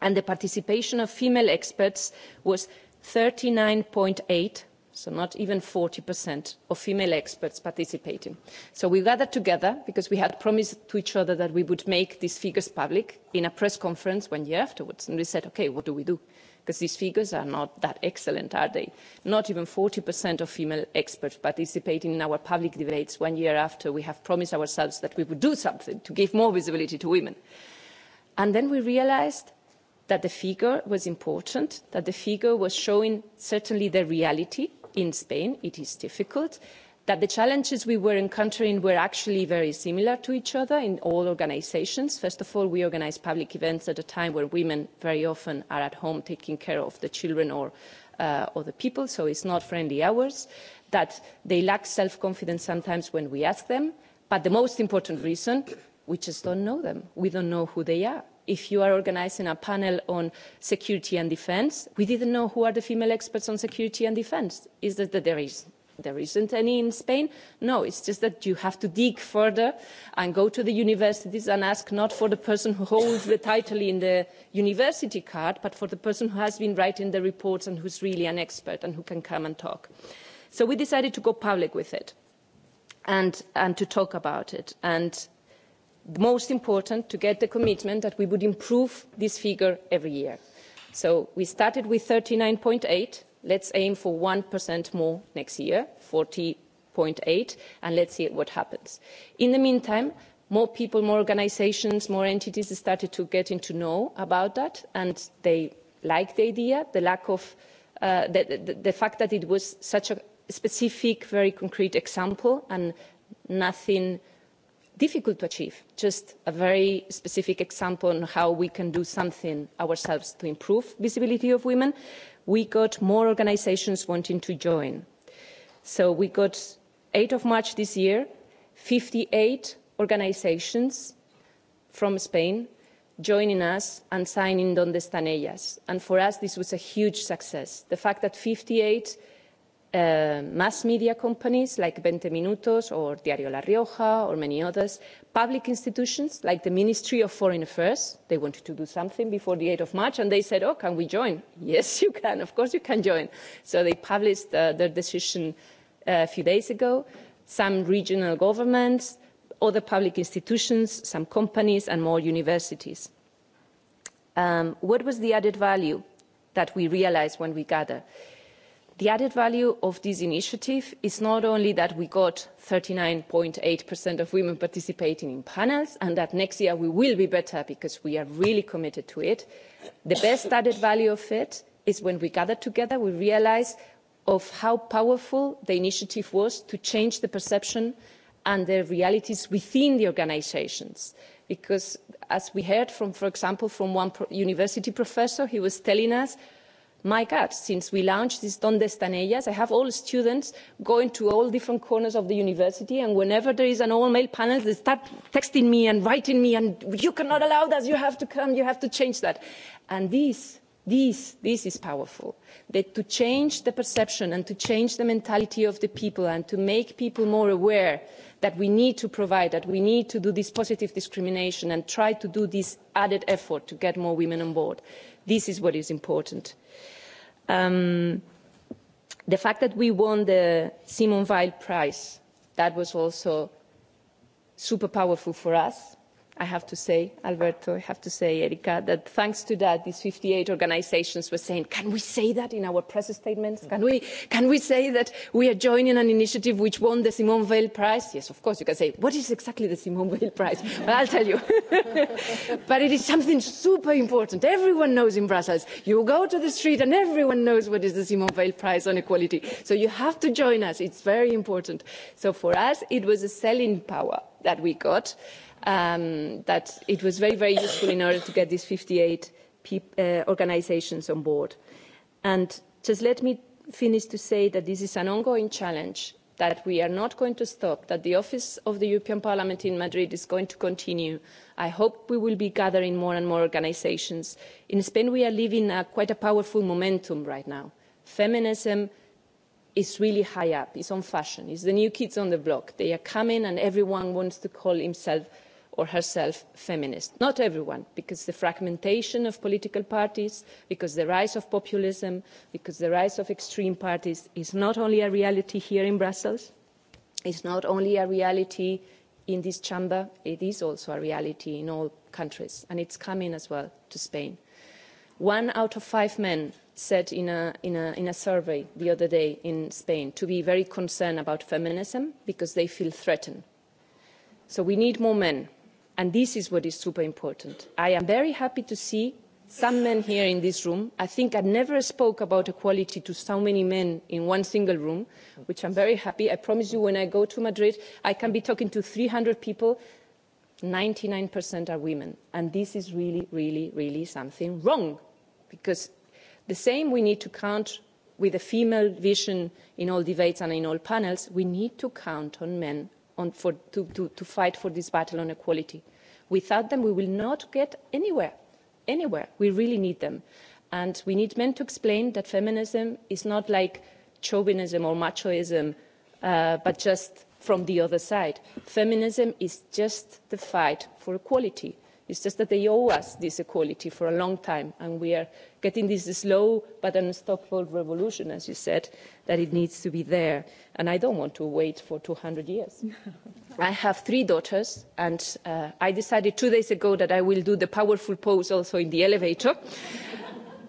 and the participation of female experts was 39.8, so not even 40% of female experts participating. So we gathered together because we had promised to each other that we would make these figures public in a press conference one year afterwards, and we said, okay, what do we do? because these figures are not that excellent, are they? Not even 40% of female experts participating in our public debates one year after we have promised ourselves that we would do something to give more visibility to women. And then we realised that the figure was important, that the figure was showing certainly the reality in Spain. It is difficult that the challenges we were encountering were actually very similar to each other in all organisations. First of all, we organise public events at a time where women very often are at home taking care of the children or other people, so it's not friendly hours, that they lack self-confidence sometimes when we ask them, but the most important reason, we just don't know them. We don't know who they are. If you are organising a panel on security and defence, we didn't know who are the female experts on security and defence. Is that there is There isn't any in Spain. No, it's just that you have to dig further and go to the universities and ask not for the person who holds the title in the university card, but for the person who has been writing the reports and who's really an expert and who can come and talk. So we decided to go public with it and to talk about it. And most important, to get the commitment that we would improve this figure every year. So we started with 39.8 let's aim for 1% more next year, 40.8, and let's see what happens. In the meantime, more people, more organisations, more entities started to get to know about that, and they like the idea, the lack of, the fact that it was such a specific, very concrete example and nothing difficult to achieve, just a very specific example on how we can do something ourselves to improve visibility of women we got more organisations wanting to join. So we got 8 of March this year, 58 organisations from Spain joining us and signing Donde Están Ellas. And for us, this was a huge success. The fact that 58 mass media companies like 20 Minutos or Diario La Rioja or many others, public institutions like the Ministry of Foreign Affairs. They wanted to do something before the 8th of March and they said, oh, can we join? Yes, you can. Of course you can join. So they published their decision a few days ago. Some regional governments, other public institutions, some companies and more universities. What was the added value that we realized when we gathered? The added value of this initiative is not only that we got 39.8% of women participating in panels and that next year we will be better because we are really committed to it. The best added value of it is when we gather together, we realize of how powerful the initiative was to change the perception and the realities within the organisations. Because as we heard, from, for example, from one university professor, he was telling us my god since we launched this donde ellas i have all students going to all different corners of the university and whenever there is an all male panel they start texting me and writing me and you cannot allow that you have to come you have to change that and this this this is powerful that to change the perception and to change the mentality of the people and to make people more aware that we need to provide that we need to do this positive discrimination and try to do this added effort to get more women on board this is what is important The fact that we won the Simon Weil Prize, that was also super powerful for us I have to say, Alberto, I have to say, Erika, that thanks to that, these 58 organisations were saying, can we say that in our press statements? Can we, can we say that we are joining an initiative which won the Simone veil Prize? Yes, of course, you can say, what is exactly the Simone Veil Prize? But I'll tell you. but it is something super important. Everyone knows in Brussels. You go to the street and everyone knows what is the Simone Veil Prize on Equality. So you have to join us. It's very important. So for us, it was a selling power that we got that it was very, very useful in order to get these 58 organisations on board. And just let me finish to say that this is an ongoing challenge, that we are not going to stop, that the Office of the European Parliament in Madrid is going to continue. I hope we will be gathering more and more organisations. In Spain, we are living quite a powerful momentum right now. Feminism is really high up. It's on fashion. It's the new kids on the block. They are coming and everyone wants to call himself or herself feminist. Not everyone, because the fragmentation of political parties, because the rise of populism, because the rise of extreme parties is not only a reality here in Brussels, is not only a reality in this chamber, it is also a reality in all countries, and it's coming as well to Spain. One out of five men said in a survey the other day in Spain to be very concerned about feminism because they feel threatened. So we need more men and this is what is super important. i am very happy to see some men here in this room i think i never spoke about equality to so many men in one single room which i'm very happy i promise you when i go to madrid i can be talking to 300 people 99% are women and this is really really really something wrong because the same we need to count with a female vision in all debates and in all panels we need to count on men to fight for this battle on equality. Without them, we will not get anywhere. Anywhere. We really need them. And we need men to explain that feminism is not like chauvinism or machoism, but just from the other side. Feminism is just the fight for equality. It's just that they owe us this equality for a long time, and we are getting this slow but unstoppable revolution, as you said, that it needs to be there. And I don't want to wait for 200 years. I have three daughters, and I decided two days ago that I will do the powerful pose also in the elevator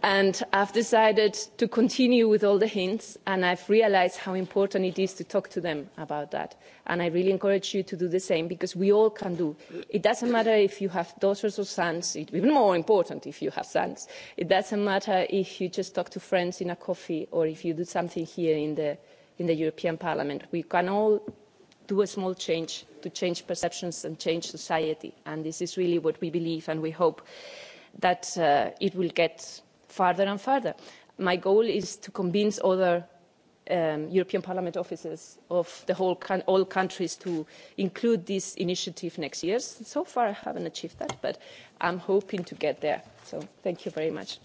and I've decided to continue with all the hints, and I've realised how important it is to talk to them about that. And I really encourage you to do the same, because we all can do. It doesn't matter if you have daughters or sons, even more important if you have sons. It doesn't matter if you just talk to friends in a coffee or if you do something here in the, in the European Parliament. We can all do a small change to change perceptions and change society. And this is really what we believe, and we hope that it will get further and further. My goal is to convince other European Parliament offices of the whole all countries to include this initiative next year. So far I haven't achieved that, but I'm hoping to get there. So thank you very much.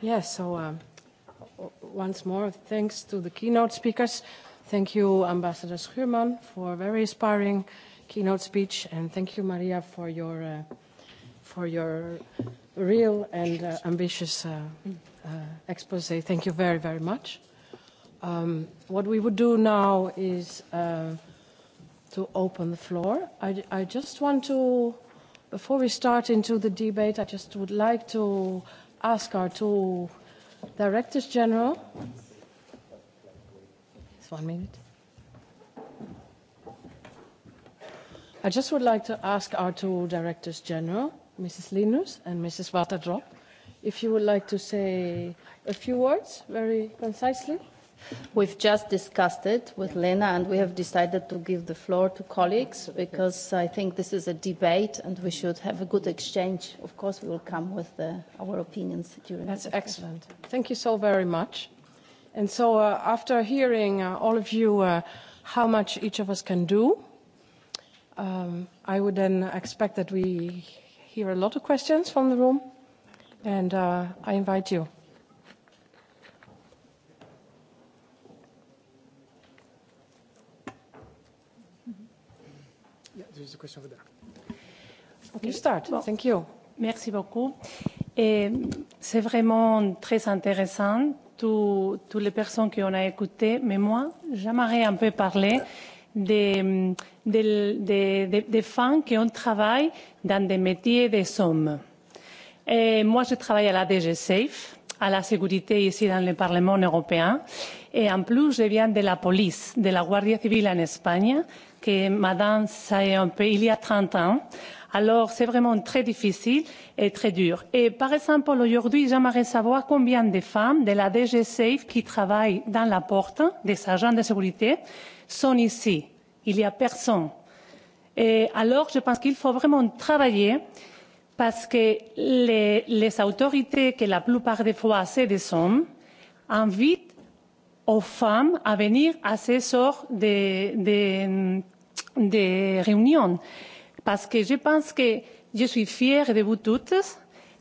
Yes, so once more thanks to the keynote speakers. Thank you, Ambassador Schuurman, for a very inspiring keynote speech, and thank you, Maria, for your for your real and ambitious expose. Thank you very, very much. What we would do now is to open the floor. I just want to, before we start into the debate, I just would like to ask our two Directors General. Just one minute. I just would like to ask our two Directors General, Mrs. Linus and Mrs. Waterdrop, if you would like to say a few words, very concisely. We've just discussed it with Lena and we have decided to give the floor to colleagues because I think this is a debate and we should have a good exchange. Of course, we will come with our opinions during That's excellent. Thank you so very much. And so after hearing all of you how much each of us can do, I would then expect that we hear a lot of questions from the room and I invite you. there's a question over there. Okay. You start. Thank you. Merci beaucoup. c'est vraiment très intéressant, toutes les personnes qu'on a écoutées, mais moi, j'aimerais un peu parler des, des, des, des femmes qui ont travaillé dans des métiers des hommes. Et moi, je travaille à la DG SAFE, à la sécurité ici dans le Parlement européen. Et en plus, je viens de la police, de la Guardia Civil en Espagne que Madame peu il y a 30 ans. Alors, c'est vraiment très difficile et très dur. Et par exemple, aujourd'hui, j'aimerais savoir combien de femmes de la DG Safe qui travaillent dans la porte des agents de sécurité sont ici. Il n'y a personne. Et alors, je pense qu'il faut vraiment travailler parce que les, les autorités, que la plupart des fois, c'est des hommes, invitent aux femmes à venir à ces sortes de, de de réunion. Parce que je pense que je suis fière de vous toutes,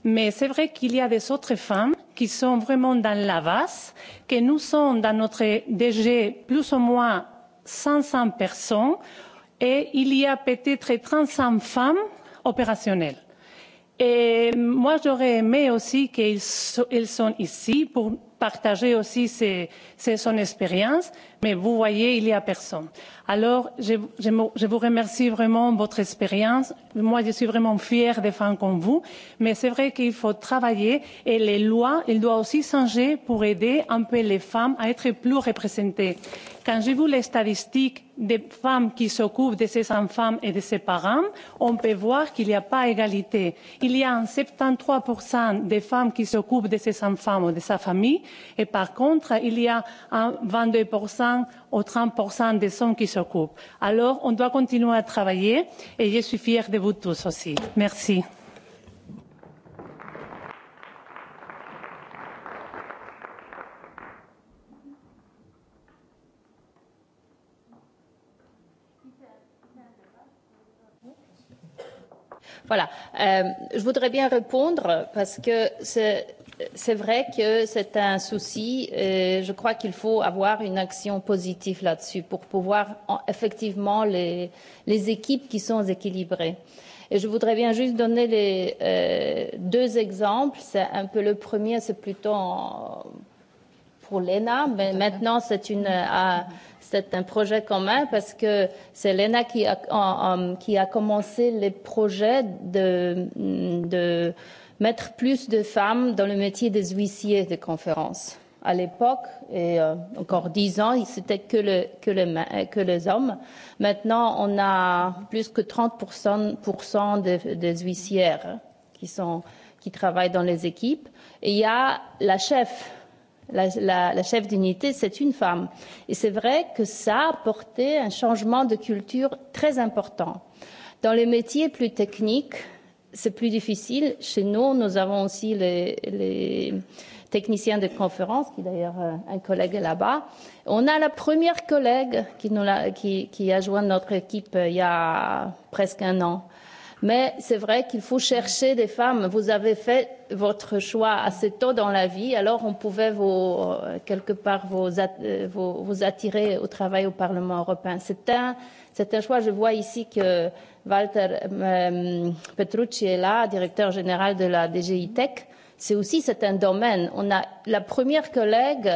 mais c'est vrai qu'il y a des autres femmes qui sont vraiment dans la vase, que nous sommes dans notre DG plus ou moins 500 personnes et il y a peut-être 35 femmes opérationnelles. Et moi, j'aurais aimé aussi qu'elles sont ici pour partager aussi son expérience, mais vous voyez, il n'y a personne. Alors, je je, vous remercie vraiment votre expérience. Moi, je suis vraiment fière des femmes comme vous. Mais c'est vrai qu'il faut travailler et les lois, elles doivent aussi changer pour aider un peu les femmes à être plus représentées. Quand j'ai vu les statistiques des femmes qui s'occupent de ces enfants et de ces parents, on peut voir qu'il n'y a pas égalité. Il y a un 73% des femmes qui s'occupent de ces enfants ou de sa famille, et par contre, il y a un 22% ou 30% des hommes qui ce Alors, on doit continuer à travailler et je suis fière de vous tous aussi. Merci. Voilà. Euh, Je voudrais bien répondre parce que c'est c'est vrai que c'est un souci. Et Je crois qu'il faut avoir une action positive là-dessus pour pouvoir effectivement les les équipes qui sont équilibrées. Et je voudrais bien juste donner les deux exemples. C'est un peu le premier, c'est plutôt pour l'ENA, mais maintenant c'est une c'est un projet commun parce que c'est l'ENA qui a qui a commencé les projets de de mettre plus de femmes dans le métier des huissiers de conférences. À l'époque, et encore dix ans, c'était que, le, que, le, que les hommes. Maintenant, on a plus que 30% des, des huissières qui, sont, qui travaillent dans les équipes. Et il y a la chef la, la, la chef d'unité, c'est une femme. Et c'est vrai que ça a apporté un changement de culture très important. Dans les métiers plus techniques, c'est plus difficile. Chez nous, nous avons aussi les, les techniciens de conférence, qui d'ailleurs un collègue est là-bas. On a la première collègue qui, nous a, qui, qui a joint notre équipe il y a presque un an. Mais c'est vrai qu'il faut chercher des femmes. Vous avez fait votre choix assez tôt dans la vie, alors on pouvait vous, quelque part vous, vous, vous attirer au travail au Parlement européen. C'est un, c'est un choix. Je vois ici que Walter Petrucci est là, directeur général de la DGI Tech. C'est aussi c'est un domaine. On a la première collègue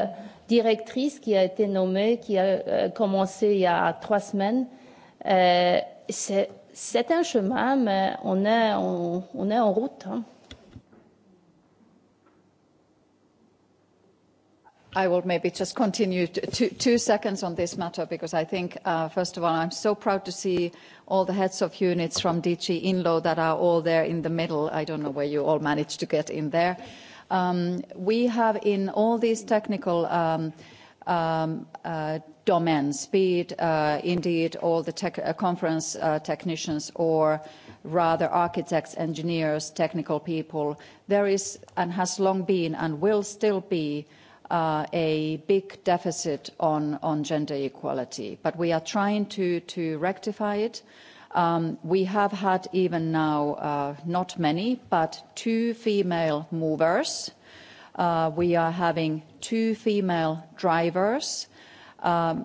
directrice qui a été nommée, qui a commencé il y a trois semaines. C'est un chemin, mais on est, on, en route. I will maybe just continue two seconds on this matter because I think, first of all, I'm so proud to see all the heads of units from DG INLO that are all there in the middle. I don't know where you all managed to get in there. We have in all these technical domains, speed indeed all the conference technicians or rather architects, engineers, technical people, there is and has long been and will still be a big deficit on gender equality. But we are trying to rectify it. We have had even now, not many, but two female movers. We are having two female drivers.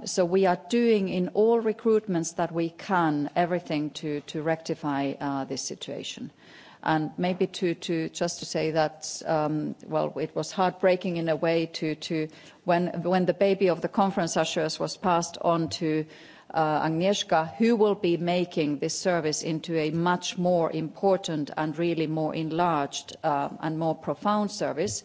So we are doing in all recruitments that we can everything to rectify this situation. And maybe to just to say that, well, it was heartbreaking in a way to when the baby of the conference ushers was passed on to Agnieszka, who will be making this service into a much more important and really more enlarged and more profound service.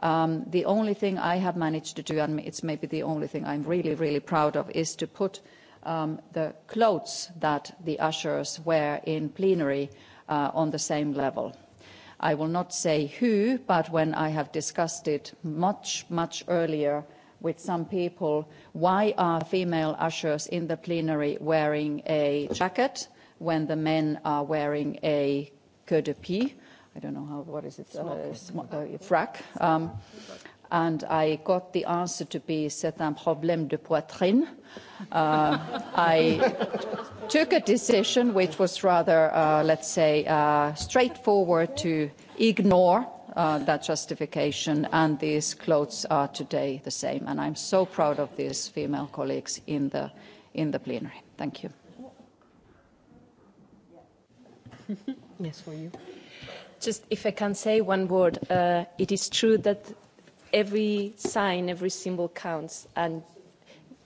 The only thing I have managed to do, and it's maybe the only thing I'm really, really proud of, is to put the clothes that the ushers wear in plenary on the same level. I will not say who, but when I have discussed it much, much earlier with some people, why are female ushers in the plenary wearing a jacket when the men are wearing a queue de I don't know how, what is it, frack and I got the answer to be c'est un problème de poitrine. I took a decision which was rather, let's say, straightforward to ignore that justification and these clothes are today the same and I'm so proud of these female colleagues in the in the plenary. Thank you. Yes, for you. Just if I can say one word, it is true that every sign, every symbol counts, and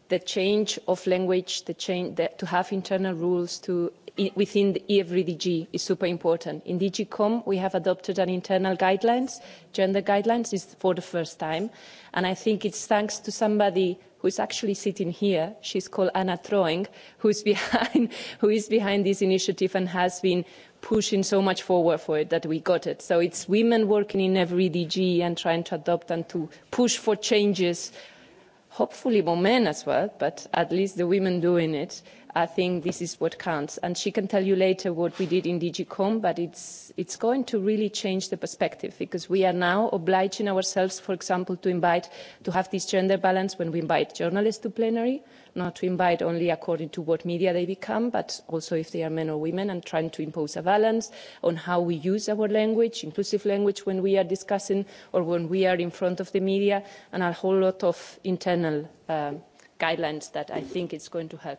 the change of language, the change to have internal rules to within every DG is super important. In DGCom we have adopted an internal guidelines, gender guidelines, is for the first time, and I think it's thanks to somebody who is actually sitting here. She's called Anna Troing, who is behind this initiative and has been pushing so much forward for it that we got it. So it's women working in every DG and trying to adopt and to push for changes, hopefully more men as well, but at least the women doing it I think this is what counts. And she can tell you later what we did in DGCOM, but it's, it's going to really change the perspective because we are now obliging ourselves, for example, to invite, to have this gender balance when we invite journalists to plenary, not to invite only according to what media they become, but also if they are men or women and trying to impose a balance on how we use our language, inclusive language when we are discussing or when we are in front of the media and a whole lot of internal guidelines that I think it's going to help.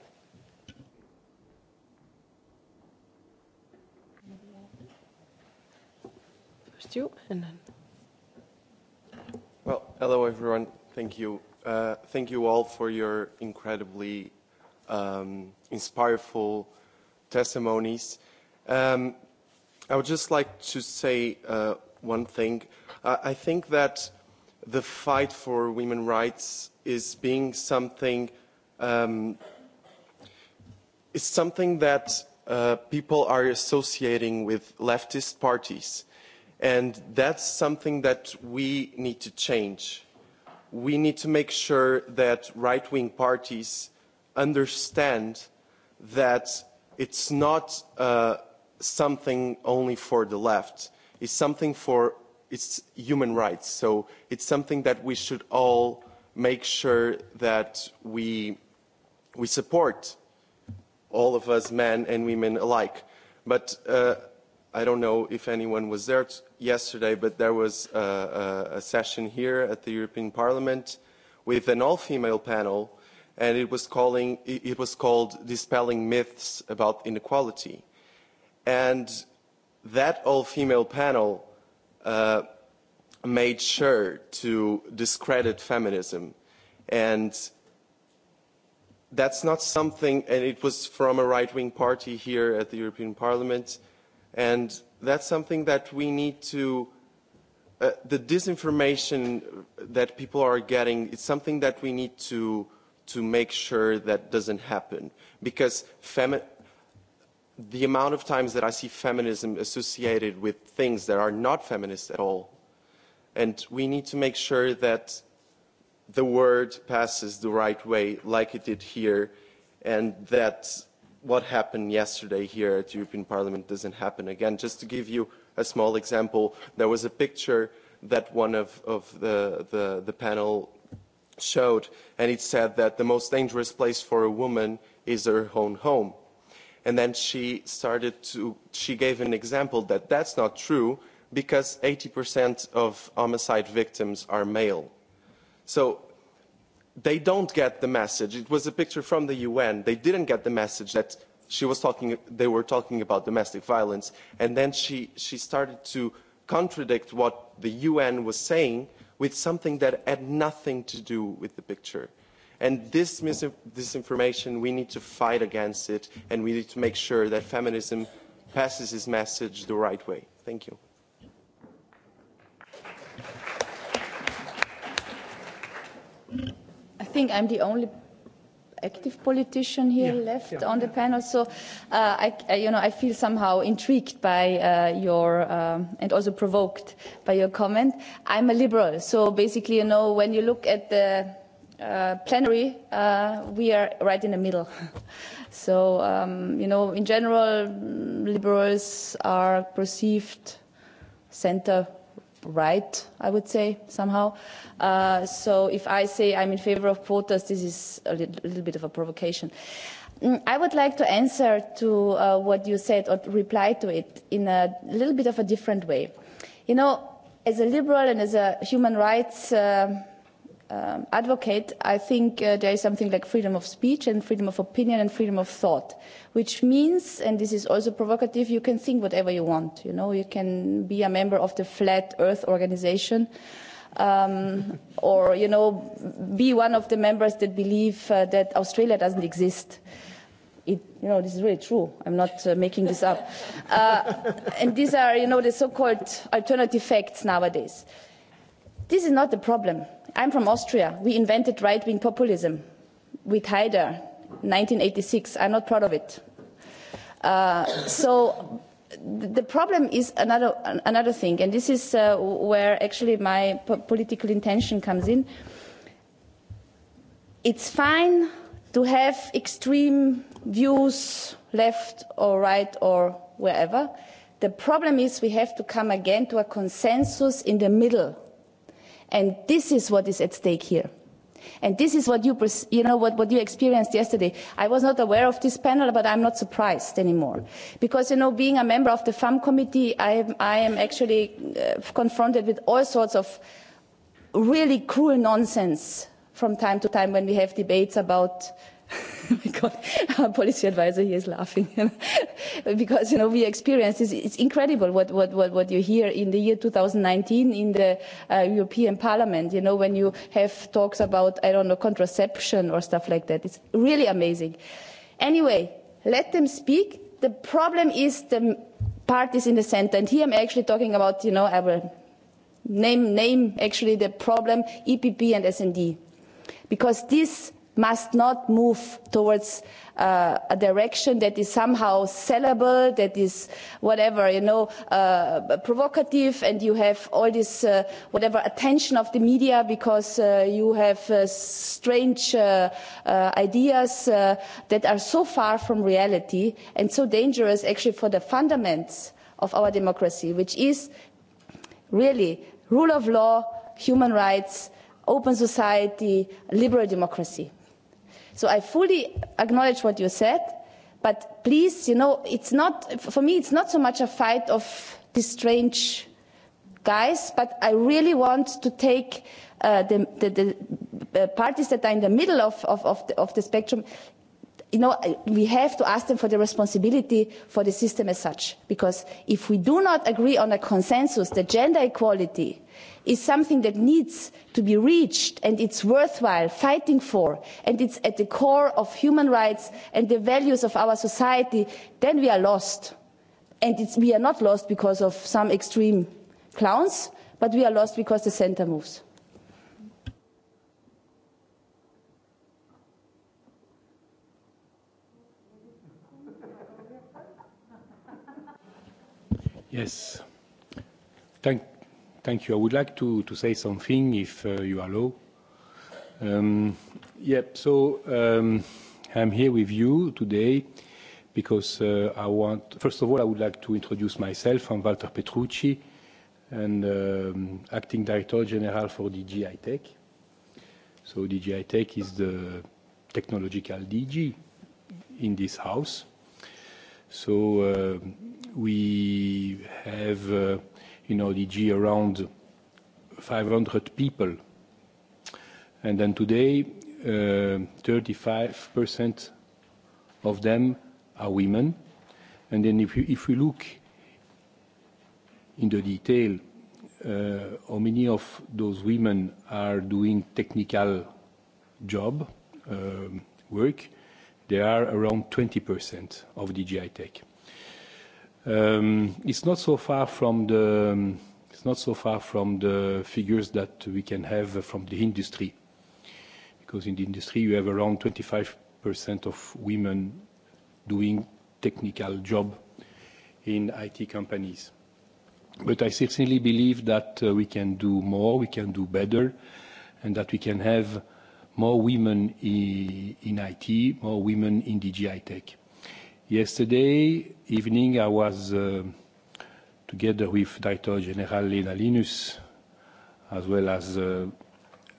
Stu, and then. Well, hello everyone. Thank you. Uh, thank you all for your incredibly um, inspireful testimonies. Um, I would just like to say uh, one thing. I think that the fight for women's rights is being something um, is something that uh, people are associating with leftist parties And that's something that we need to change. We need to make sure that right-wing parties understand that it's not something only for the left. It's something for it's human rights. So it's something that we should all make sure that we we support all of us, men and women alike. But I don't know if anyone was there yesterday, but there was a session here at the European Parliament with an all-female panel, and it was calling it was called "Dispelling Myths About Inequality," and that all-female panel made sure to discredit feminism, and that's not something. And it was from a right-wing party here at the European Parliament And that's something that we need to the disinformation that people are getting it's something that we need to to make sure that doesn't happen because the amount of times that I see feminism associated with things that are not feminist at all and we need to make sure that the word passes the right way like it did here and that what happened yesterday here at the European Parliament doesn't happen again. Just to give you a small example, there was a picture that one of, of the, the, the panel showed, and it said that the most dangerous place for a woman is her own home. And then she started to, she gave an example that that's not true because 80% of homicide victims are male. So they don't get the message. It was a picture from the UN. They didn't get the message that she was talking, they were talking about domestic violence. And then she, she started to contradict what the UN was saying with something that had nothing to do with the picture. And this information, we need to fight against it, and we need to make sure that feminism passes its message the right way. Thank you think I'm the only active politician here left on the panel. So, I, you know, I feel somehow intrigued by your and also provoked by your comment. I'm a liberal, so basically, you know, when you look at the plenary, we are right in the middle. So, you know, in general, liberals are perceived center right, I would say, somehow. So if I say I'm in favor of quotas, this is a little bit of a provocation. I would like to answer to what you said or reply to it in a little bit of a different way. You know, as a liberal and as a human rights advocate, I think there is something like freedom of speech and freedom of opinion and freedom of thought, which means, and this is also provocative, you can think whatever you want. You know, you can be a member of the Flat Earth Organization, or you know, be one of the members that believe that Australia doesn't exist. you know, this is really true. I'm not making this up. And these are, you know, the so-called alternative facts nowadays. This is not the problem I'm from Austria. We invented right-wing populism with Haider, 1986. I'm not proud of it. So the problem is another another thing, and this is where actually my political intention comes in. It's fine to have extreme views, left or right or wherever. The problem is we have to come again to a consensus in the middle And this is what is at stake here. And this is what you, you know, what, what you experienced yesterday. I was not aware of this panel, but I'm not surprised anymore. Because, you know, being a member of the FAM committee, I, I am actually confronted with all sorts of really cruel nonsense from time to time when we have debates about our policy advisor here is laughing because you know we experience this it's incredible what what what what you hear in the year 2019 in the European Parliament. You know when you have talks about I don't know contraception or stuff like that. It's really amazing. Anyway, let them speak. The problem is the parties in the centre, and here I'm actually talking about you know I will name name actually the problem EPP and SND, because this must not move towards a direction that is somehow sellable, that is whatever, you know, provocative, and you have all this whatever attention of the media because you have strange ideas that are so far from reality and so dangerous actually for the fundaments of our democracy, which is really rule of law, human rights, open society, liberal democracy so i fully acknowledge what you said but please you know it's not for me it's not so much a fight of these strange guys but i really want to take the the parties that are in the middle of of the spectrum you know we have to ask them for the responsibility for the system as such because if we do not agree on a consensus the gender equality is something that needs to be reached and it's worthwhile fighting for and it's at the core of human rights and the values of our society then we are lost and we are not lost because of some extreme clowns but we are lost because the centre moves. Yes. Thank Thank you. I would like to to say something, if you allow. Um Yep. So um I'm here with you today because I want. First of all, I would like to introduce myself. I'm Walter Petrucci, and um acting director general for DG Tech. So DG Tech is the technological DG in this house. So we have in ODG around 500 people. And then today, 35% of them are women. And then if if we look in the detail, how many of those women are doing technical job work, there are around 20% of DGI Tech. It's not so far from the it's not so far from the figures that we can have from the industry, because in the industry you have around 25% of women doing technical job in IT companies. But I certainly believe that we can do more, we can do better, and that we can have more women in IT, more women in DGI Tech. Yesterday evening I was together with Director General Lena Linus, as well as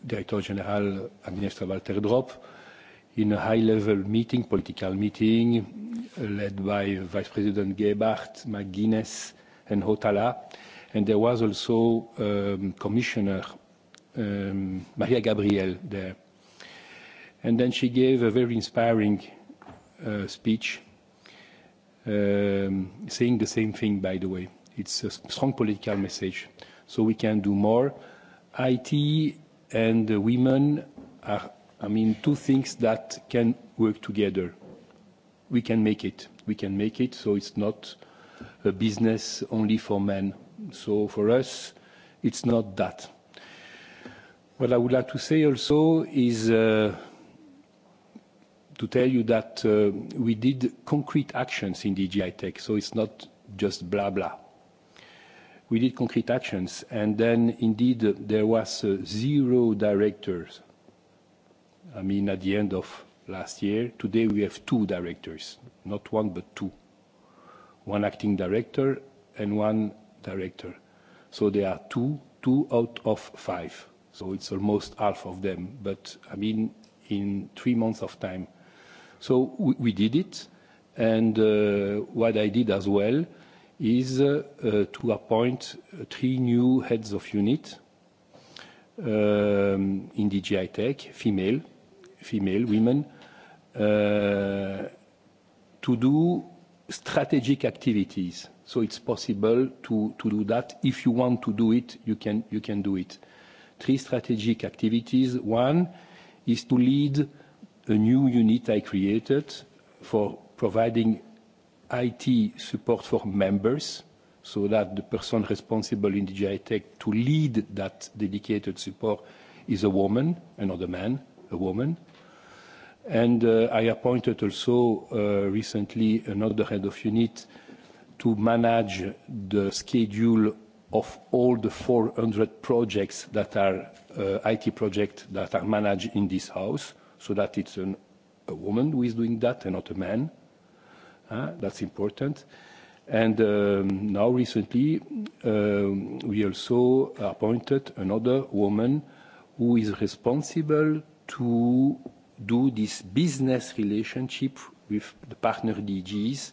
Director General Agnieszka Walter Drop, in a high-level meeting, political meeting, led by Vice President Gebhardt, McGuinness and Hotala. And there was also Commissioner Maria Gabriel there. And then she gave a very inspiring speech saying the same thing, by the way. It's a strong political message. So we can do more. IT and women are, I mean, two things that can work together. We can make it. We can make it so it's not a business only for men. So for us, it's not that. What I would like to say also is to tell you that we did concrete actions in DGI Tech, so it's not just blah, blah. We did concrete actions, and then indeed there was zero directors. I mean, at the end of last year, today we have two directors, not one but two. One acting director and one director. So there are two, two out of five. So it's almost half of them. But I mean, in three months of time, So we did it. And what I did as well is to appoint three new heads of unit in DGI Tech, female, female women, to do strategic activities. So it's possible to do that. If you want to do it, you can do it. Three strategic activities. One is to lead a new unit I created for providing IT support for members so that the person responsible in DJI Tech to lead that dedicated support is a woman, another man, a woman. And I appointed also recently another head of unit to manage the schedule of all the 400 projects that are IT projects that are managed in this house so that it's a woman who is doing that and not a man. That's important. And now recently we also appointed another woman who is responsible to do this business relationship with the partner DGs,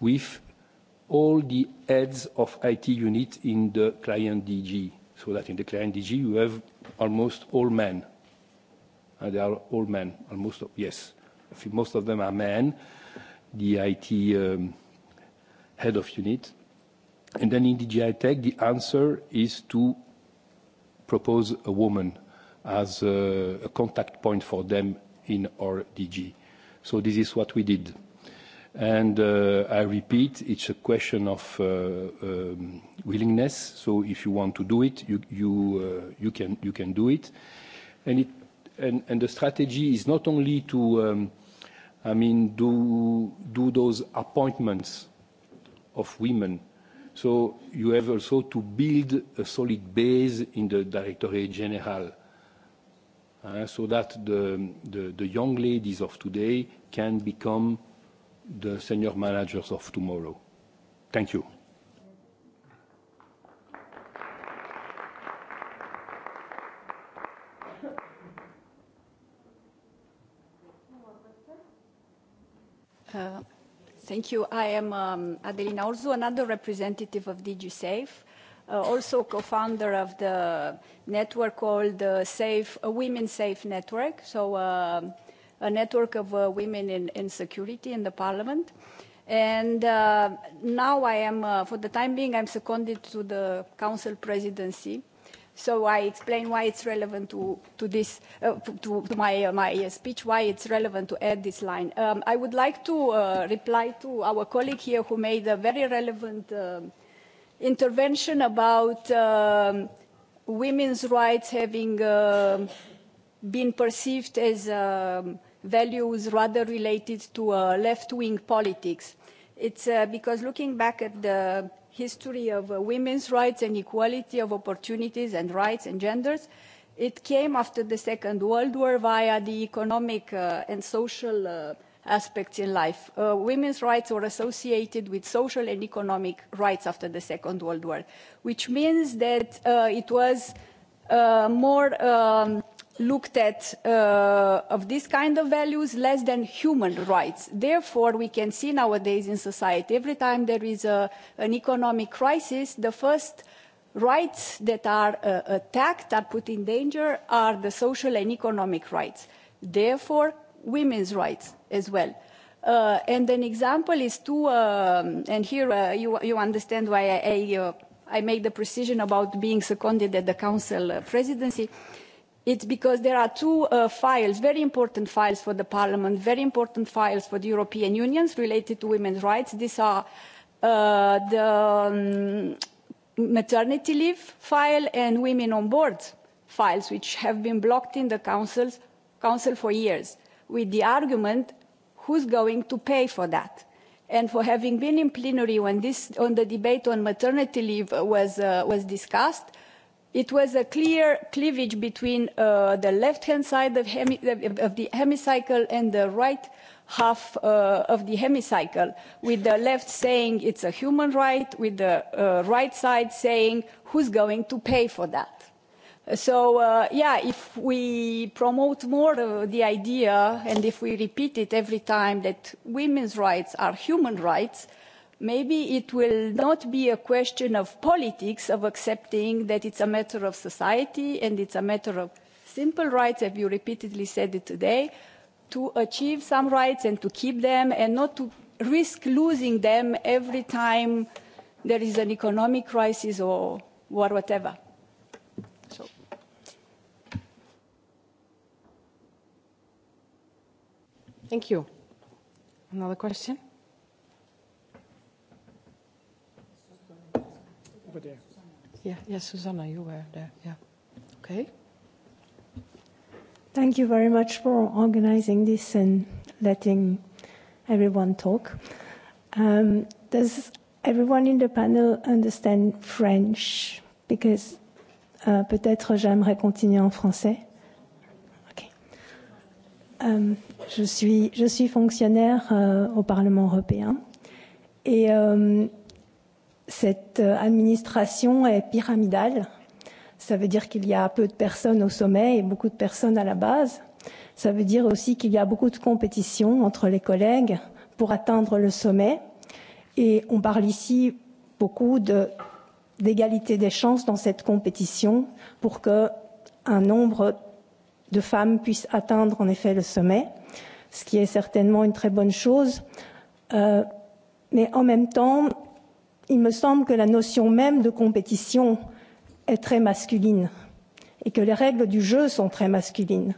with all the heads of IT unit in the client DG. So that in the client DG you have almost all men. They are all men, almost. Yes, most of them are men. The IT head of unit, and then in DGI Tech, the answer is to propose a woman as a contact point for them in our DG. So this is what we did. And I repeat, it's a question of willingness. So if you want to do it, you you you can you can do it. And it and the strategy is not only to, I mean, do do those appointments of women. So you have also to build a solid base in the Directorate General, so that the the young ladies of today can become the senior managers of tomorrow. Thank you. Thank you. I am Adelina Orzu, another representative of DG SAFE, also co-founder of the network called Safe Women Safe Network, so a network of women in security in the Parliament. And now I am, for the time being, I'm seconded to the Council Presidency So I explain why it's relevant to this to my my speech, why it's relevant to add this line. I would like to reply to our colleague here who made a very relevant intervention about women's rights having been perceived as values rather related to left-wing politics. It's because looking back at the history of women's rights and equality of opportunities and rights and genders. It came after the Second World War via the economic and social aspects in life. Women's rights were associated with social and economic rights after the Second World War, which means that it was more looked at of these kind of values less than human rights. Therefore, we can see nowadays in society, every time there is an economic crisis, the first rights that are attacked, are put in danger, are the social and economic rights. Therefore, women's rights as well. And an example is to, and here you understand why I make the precision about being seconded at the Council presidency. It's because there are two files, very important files for the Parliament, very important files for the European Union related to women's rights. These are the maternity leave file and women on board files, which have been blocked in the Council for years, with the argument who's going to pay for that. And for having been in plenary when this, on the debate on maternity leave was discussed, It was a clear cleavage between the left-hand side of the hemicycle and the right half of the hemicycle, with the left saying it's a human right, with the right side saying who's going to pay for that. So, yeah, if we promote more the idea and if we repeat it every time that women's rights are human rights, maybe it will not be a question of politics of accepting that it's a matter of society and it's a matter of simple rights as you repeatedly said it today to achieve some rights and to keep them and not to risk losing them every time there is an economic crisis or whatever. Thank you. Another question? over there. Yeah, yeah, Susanna, you were there. Yeah. Okay. Thank you very much for organizing this and letting everyone talk. Um, does everyone in the panel understand French? Because uh, peut-être j'aimerais continuer en français. Okay. Um, je, suis, je suis fonctionnaire uh, au Parlement européen et um, cette administration est pyramidale. Ça veut dire qu'il y a peu de personnes au sommet et beaucoup de personnes à la base. Ça veut dire aussi qu'il y a beaucoup de compétition entre les collègues pour atteindre le sommet. Et on parle ici beaucoup d'égalité des chances dans cette compétition pour que un nombre de femmes puissent atteindre en effet le sommet, ce qui est certainement une très bonne chose. Mais en même temps, il me semble que la notion même de compétition est très masculine et que les règles du jeu sont très masculines.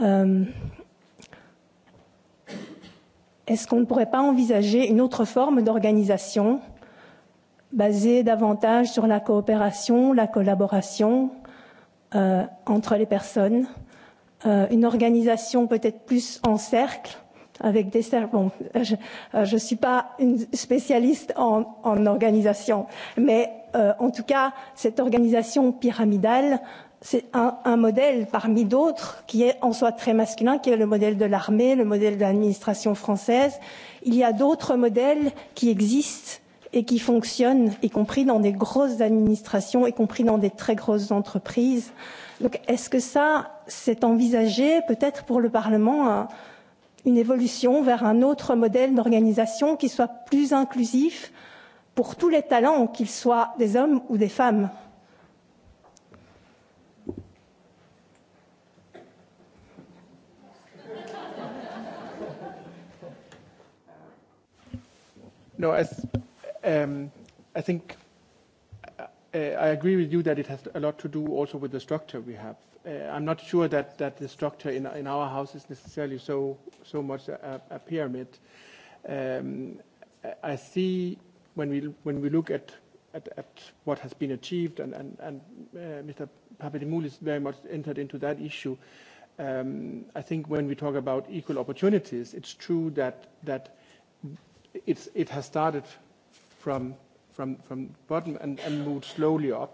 Est-ce qu'on ne pourrait pas envisager une autre forme d'organisation basée davantage sur la coopération, la collaboration entre les personnes, une organisation peut-être plus en cercle avec des Bon, Je ne suis pas une spécialiste en, en organisation, mais en tout cas, cette organisation pyramidale, c'est un, un modèle parmi d'autres qui est en soi très masculin, qui est le modèle de l'armée, le modèle de l'administration française. Il y a d'autres modèles qui existent et qui fonctionnent, y compris dans des grosses administrations, y compris dans des très grosses entreprises. Donc, est-ce que ça, c'est envisagé peut-être pour le Parlement une évolution vers un autre modèle d'organisation qui soit plus inclusif pour tous les talents, qu'ils soient des hommes ou des femmes. No, I think I agree with you that it has a lot to do also with the structure we have. I'm not sure that that the structure in in our house is necessarily so so much a pyramid. I see when we when we look at at what has been achieved and and and Mr. Papadimoulis very much entered into that issue. I think when we talk about equal opportunities, it's true that that it's it has started from from from bottom and and moved slowly up.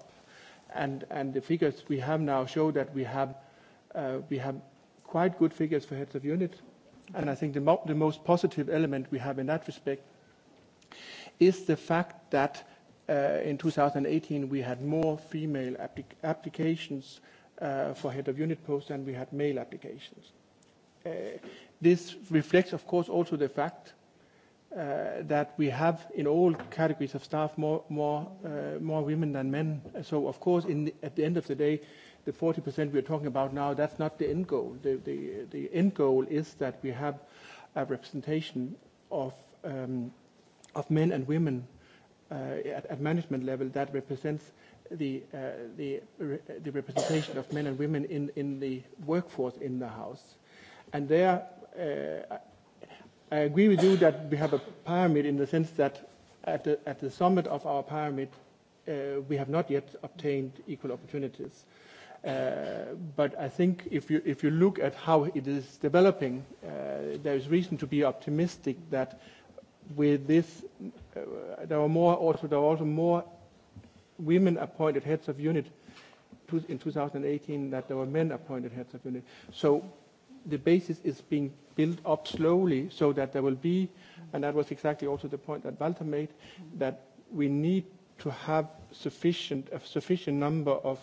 And and the figures we have now show that we have we have quite good figures for heads of unit. And I think the the most positive element we have in that respect is the fact that in 2018 we had more female applications for head of unit posts than we had male applications. This reflects, of course, also the fact that we have in all categories of staff more more more women than men. So of course, in at the end of the day, the 40% are talking about now, that's not the end goal. The the the end goal is that we have a representation of of men and women at at management level that represents the the the representation of men and women in in the workforce in the house. And there I agree with you that we have a pyramid in the sense that at the, at the summit of our pyramid, we have not yet obtained equal opportunities. But I think if you, if you look at how it is developing, there is reason to be optimistic that with this, there are more also, there are also more women appointed heads of unit in 2018 that there were men appointed heads of unit. So the basis is being built up slowly so that there will be, and that was exactly also the point that Walter made, that we need to have sufficient a sufficient number of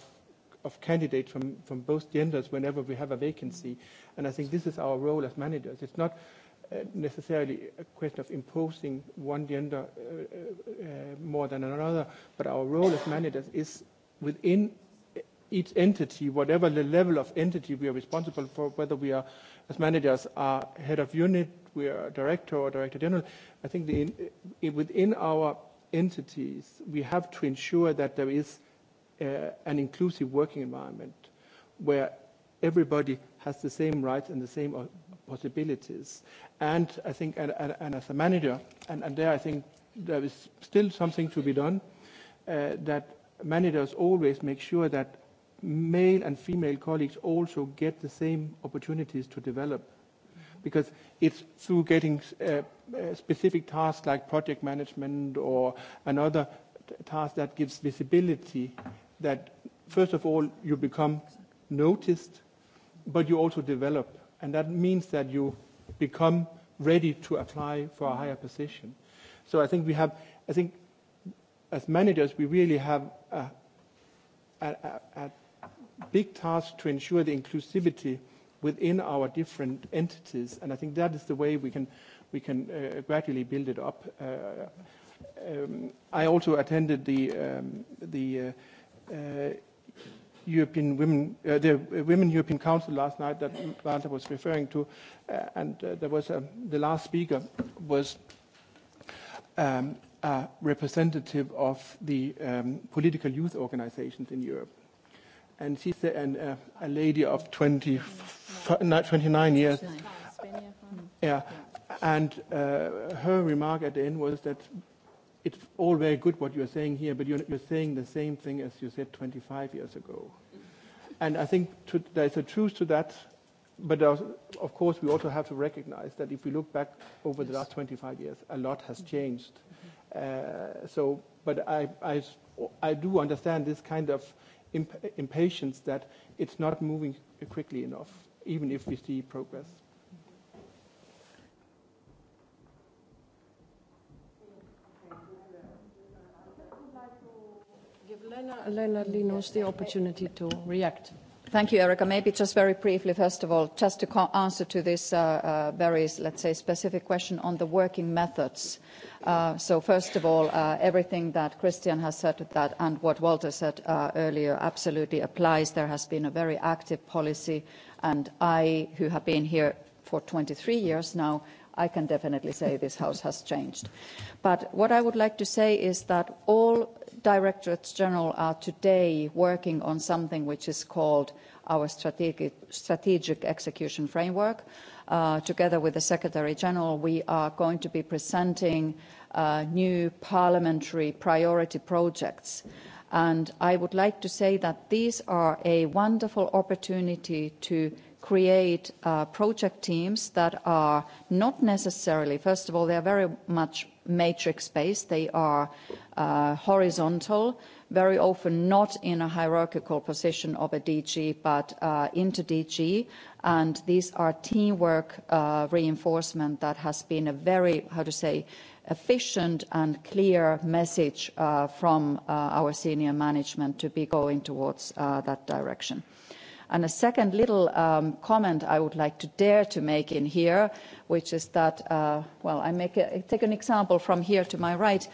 of candidates from from both genders whenever we have a vacancy. And I think this is our role as managers. It's not necessarily a question of imposing one gender more than another, but our role as managers is within each entity, whatever the level of entity we are responsible for, whether we are, as managers, are head of unit, we are director or director general, I think the, within our entities, we have to ensure that there is an inclusive working environment where everybody has the same rights and the same possibilities. And I think, and, as a manager, and, and there I think there is still something to be done, that managers always make sure that male and female colleagues also get the same opportunities to develop. Because it's through getting specific tasks like project management or another task that gives visibility that, first of all, you become noticed, but you also develop. And that means that you become ready to apply for a higher position. So I think we have, I think as managers, we really have a, a, a big task to ensure the inclusivity within our different entities, and I think that is the way we can we can gradually build it up. I also attended the the European Women the Women European Council last night that Marta was referring to, and there was the last speaker was a representative of the political youth organizations in Europe and she's a, a lady of 20, 29 years. Yeah, and uh, her remark at the end was that it's all very good what you're saying here, but you're, you're saying the same thing as you said 25 years ago. And I think to, there's a truth to that, but of course we also have to recognize that if we look back over the last 25 years, a lot has changed. Uh, so, but I, I, I do understand this kind of impatience that it's not moving quickly enough, even if we see progress. Give Lena Linos the opportunity to react. Thank you, Erica. Maybe just very briefly, first of all, just to answer to this very, let's say, specific question on the working methods. So first of all, everything that Christian has said that and what Walter said earlier absolutely applies. There has been a very active policy, and I, who have been here for 23 years now, I can definitely say this House has changed. But what I would like to say is that all Directorates General are today working on something which is called our Strategic Execution Framework. Together with the Secretary General, we are going to be presenting new parliamentary priority projects. And I would like to say that these are a wonderful opportunity to create project teams that are not necessarily, first of all, they are very much matrix-based. They are horizontal, very often not in a hierarchical position of a DG, but into DG. And these are teamwork reinforcement that has been a very, how to say, efficient and clear message from our senior management to be going towards that direction. And a second little comment I would like to dare to make in here, which is that, well, I make take an example from here to my right.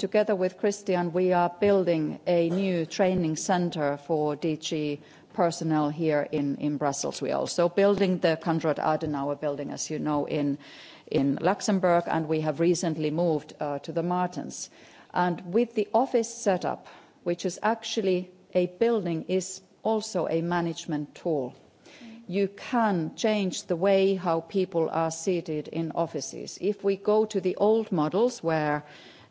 Together with Christian, we are building a new training center for DG personnel here in, Brussels. We are also building the Konrad Adenauer building, as you know, in, in Luxembourg, and we have recently moved to the Martens. And with the office setup, which is actually a building is also a management tool. You can change the way how people are seated in offices. If we go to the old models where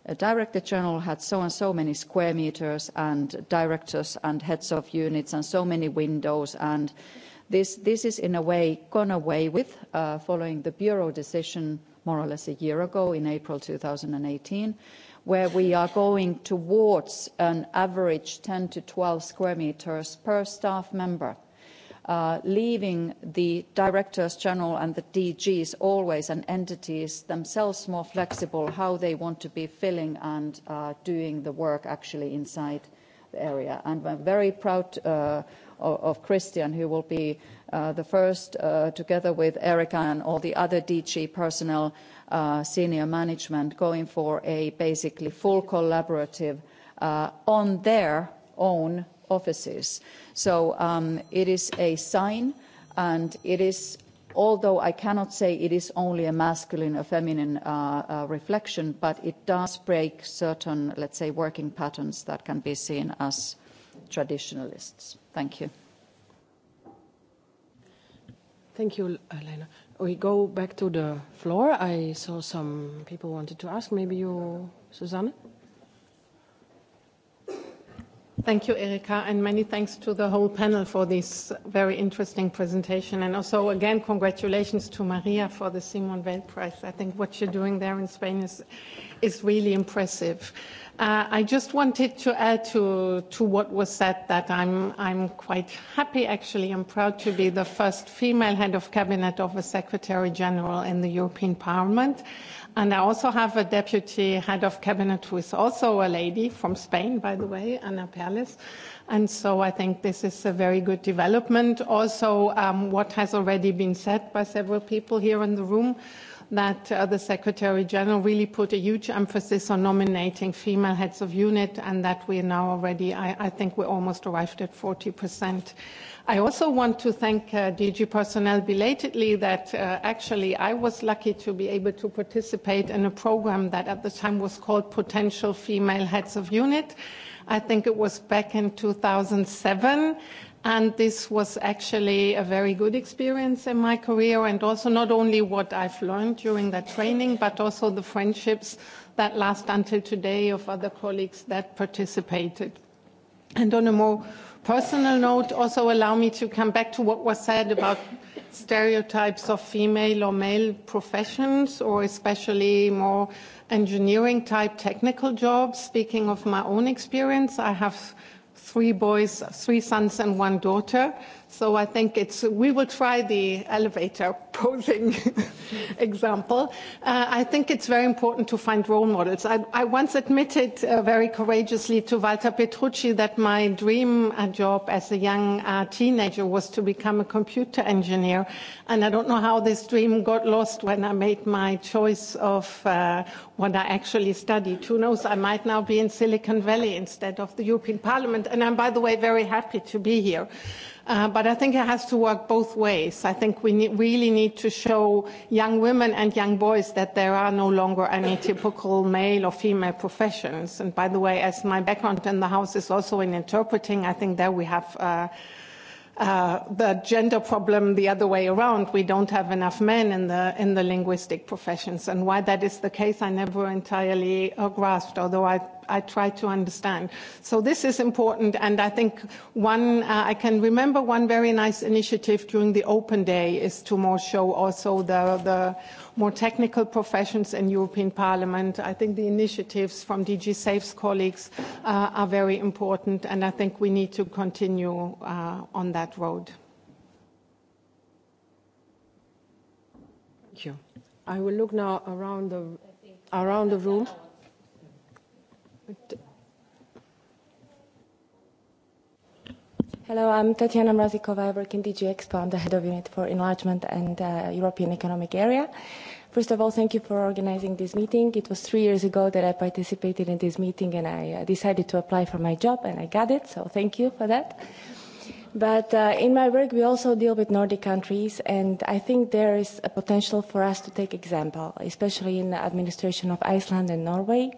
a director general had so and so many square meters and directors and heads of units and so many windows and this this is in a way gone away with following the bureau decision more or less a year ago in April 2018 where we are going towards an average 10 to 12 square meters per staff member, leaving the directors general and the DGs always and entities themselves more flexible how they want to be filling and doing the work actually inside the area. And I'm very proud of Christian, who will be The first, together with Erika and all the other DG personnel senior management, going for a basically full collaborative on their own offices. So it is a sign and it is, although I cannot say it is only a masculine or feminine reflection, but it does break certain, let's say, working patterns that can be seen as traditionalists. Thank you. Thank you, Elena. We go back to the floor. I saw some people wanted to ask. Maybe you, Susanne? Thank you, Erika, and many thanks to the whole panel for this very interesting presentation. And also, again, congratulations to Maria for the Simon Weil Prize. I think what you're doing there in Spain is, is really impressive. I just wanted to add to, to what was said that I'm, I'm quite happy, actually. I'm proud to be the first female head of cabinet of a secretary general in the European Parliament. And I also have a deputy head of cabinet who is also a lady from Spain, by the way, Ana Perles. And so I think this is a very good development. Also, what has already been said by several people here in the room, that the Secretary General really put a huge emphasis on nominating female heads of unit, and that we are now already, I think we almost arrived at 40%. I also want to thank DG Personnel belatedly that actually I was lucky to be able to participate in a program that at the time was called Potential Female Heads of Unit. I think it was back in 2007 and this was actually a very good experience in my career and also not only what I've learned during that training but also the friendships that last until today of other colleagues that participated. And on a more personal note, also allow me to come back to what was said about stereotypes of female or male professions, or especially more engineering-type technical jobs. Speaking of my own experience, I have three boys, three sons and one daughter. So I think it's we will try the elevator posing example. I think it's very important to find role models. I once admitted very courageously to Walter Petrucci that my dream job as a young teenager was to become a computer engineer, and I don't know how this dream got lost when I made my choice of what I actually studied. Who knows? I might now be in Silicon Valley instead of the European Parliament, and I'm by the way very happy to be here. But I think it has to work both ways. I think we really need to show young women and young boys that there are no longer any typical male or female professions. And by the way, as my background in the House is also in interpreting, I think there we have the gender problem the other way around. We don't have enough men in the in the linguistic professions, and why that is the case, I never entirely grasped, although I I try to understand. So this is important, and I think one I can remember one very nice initiative during the Open Day is to more show also the the more technical professions in European Parliament. I think the initiatives from DG SAFE's colleagues are very important, and I think we need to continue on that road. Thank you. I will look now around the around the room. Hello, I'm Tatiana Mrazikova. I work in DG Expo. I'm the head of unit for enlargement and European Economic Area. First of all, thank you for organizing this meeting. It was three years ago that I participated in this meeting and I decided to apply for my job and I got it, so thank you for that. But in my work, we also deal with Nordic countries, and I think there is a potential for us to take example, especially in the administration of Iceland and Norway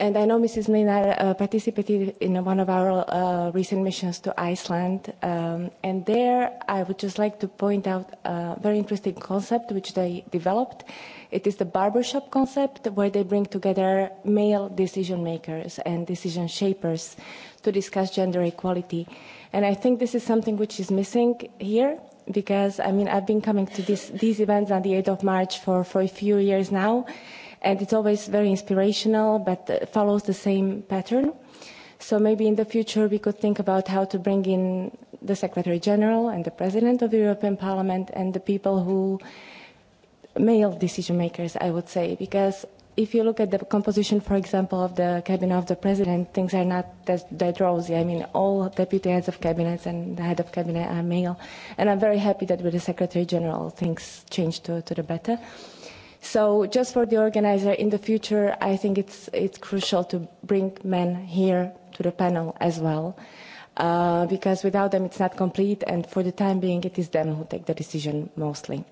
And I know Mrs. Mlinar participated in one of our recent missions to Iceland. And there I would just like to point out a very interesting concept which they developed. It is the barbershop concept where they bring together male decision makers and decision shapers to discuss gender equality. And I think this is something which is missing here because, I mean, I've been coming to these events on the 8th of March for a few years now and it's always very inspirational but follows the same pattern. So maybe in the future we could think about how to bring in the Secretary General and the President of the European Parliament and the people who male decision makers, I would say, because if you look at the composition, for example, of the cabinet of the president, things are not that, that rosy. I mean, all deputy heads of cabinets and the head of cabinet are male. And I'm very happy that with the secretary general, things change to, to the better. So just for the organizer in the future, I think it's it's crucial to bring men here to the panel as well, because without them it's not complete. And for the time being, it is them who take the decision mostly.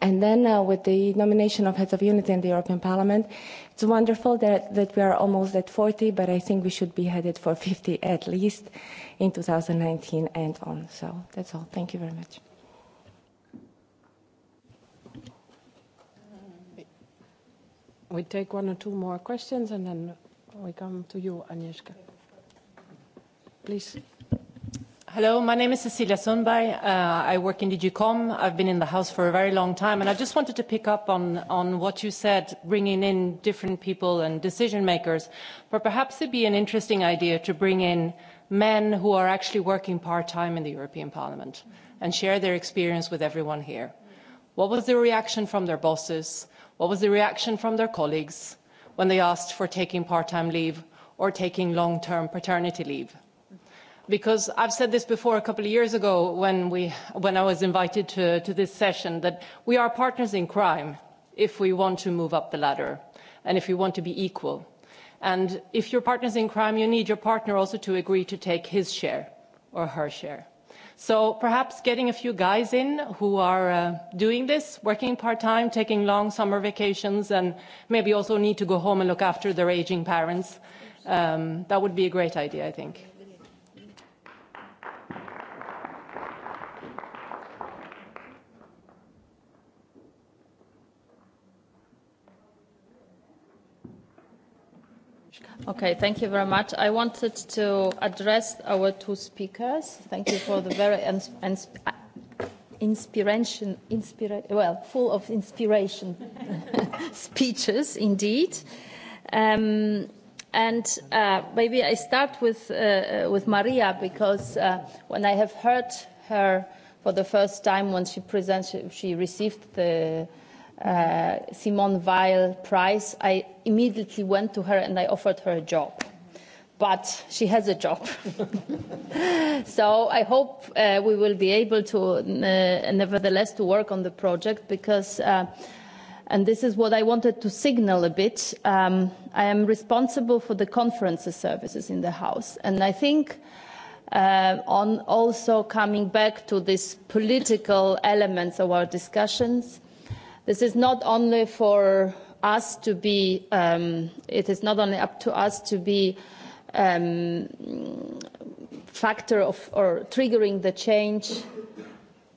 And then with the nomination of heads of unity in the European Parliament, it's wonderful that that we are almost at 40, but I think we should be headed for 50 at least in 2019 and on. So that's all. Thank you very much. We take one or two more questions and then we come to you, Agnieszka. Please. Hello, my name is Cecilia Sundberg. I work in Digicom, I've been in the House for a very long time, and I just wanted to pick up on, on what you said, bringing in different people and decision makers. But perhaps it'd be an interesting idea to bring in men who are actually working part-time in the European Parliament and share their experience with everyone here. What was the reaction from their bosses? what was the reaction from their colleagues when they asked for taking part time leave or taking long term paternity leave because i've said this before a couple of years ago when we when i was invited to to this session that we are partners in crime if we want to move up the ladder and if we want to be equal and if you're partners in crime you need your partner also to agree to take his share or her share So perhaps getting a few guys in who are doing this, working part-time, taking long summer vacations, and maybe also need to go home and look after their aging parents. That would be a great idea, I think. Okay, thank you very much. I wanted to address our two speakers. Thank you for the very inspiration, well, full of inspiration speeches, indeed. And maybe I start with with Maria because when I have heard her for the first time when she presented, she received the Simone Weil Prize. I immediately went to her and I offered her a job. But she has a job. So I hope we will be able to, nevertheless, to work on the project because, and this is what I wanted to signal a bit, I am responsible for the conference services in the House. And I think on also coming back to this political elements of our discussions, This is not only for us to be, it is not only up to us to be factor of or triggering the change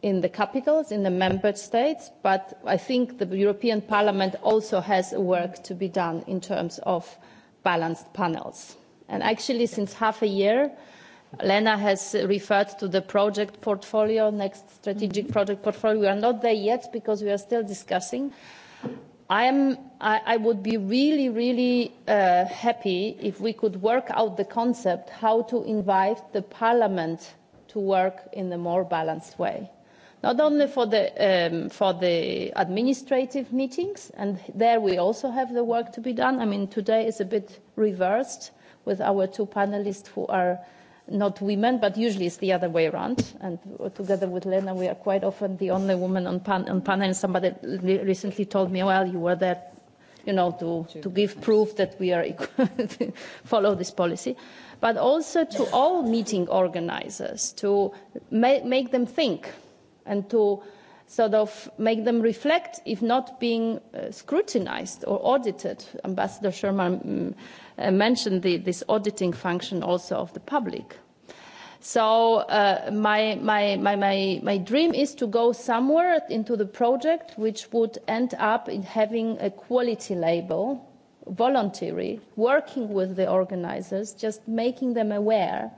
in the capitals, in the member states, but I think the European Parliament also has work to be done in terms of balanced panels. And actually, since half a year, Lena has referred to the project portfolio, next strategic project portfolio. We are not there yet because we are still discussing. I would be really, really happy if we could work out the concept how to invite the Parliament to work in a more balanced way. Not only for the administrative meetings, and there we also have the work to be done. I mean, today is a bit reversed with our two panelists who are not women, but usually it's the other way around. And together with Lena, we are quite often the only woman on pan on panel. And somebody recently told me, "Well, you were there, you know, to to give proof that we are to follow this policy." But also to all meeting organizers to make them think and to sort of make them reflect, if not being scrutinized or audited. Ambassador Sherman mentioned this auditing function also of the public. So my my my my my dream is to go somewhere into the project which would end up in having a quality label, voluntary, working with the organizers, just making them aware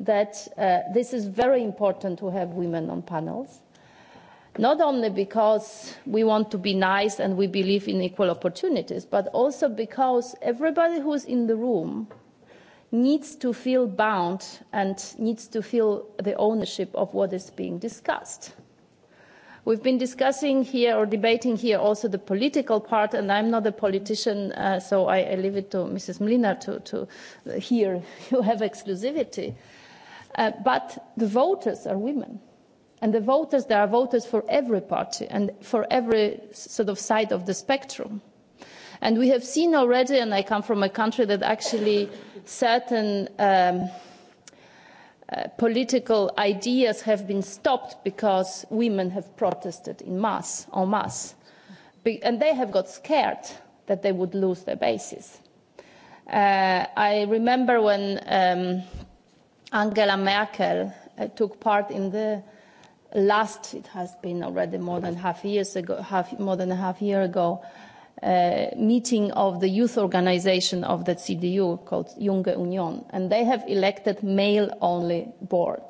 that this is very important to have women on panels not only because we want to be nice and we believe in equal opportunities, but also because everybody who is in the room needs to feel bound and needs to feel the ownership of what is being discussed. We've been discussing here or debating here also the political part, and I'm not a politician, so I leave it to Mrs. Mlinar to hear you have exclusivity. But the voters are women and the voters there are voters for every party and for every sort of side of the spectrum and we have seen already and i come from a country that actually certain political ideas have been stopped because women have protested in mass en masse and they have got scared that they would lose their bases. i remember when angela merkel took part in the last, it has been already more than half years ago, half, more than a half year ago, meeting of the youth organization of the CDU called Junge Union, and they have elected male-only board.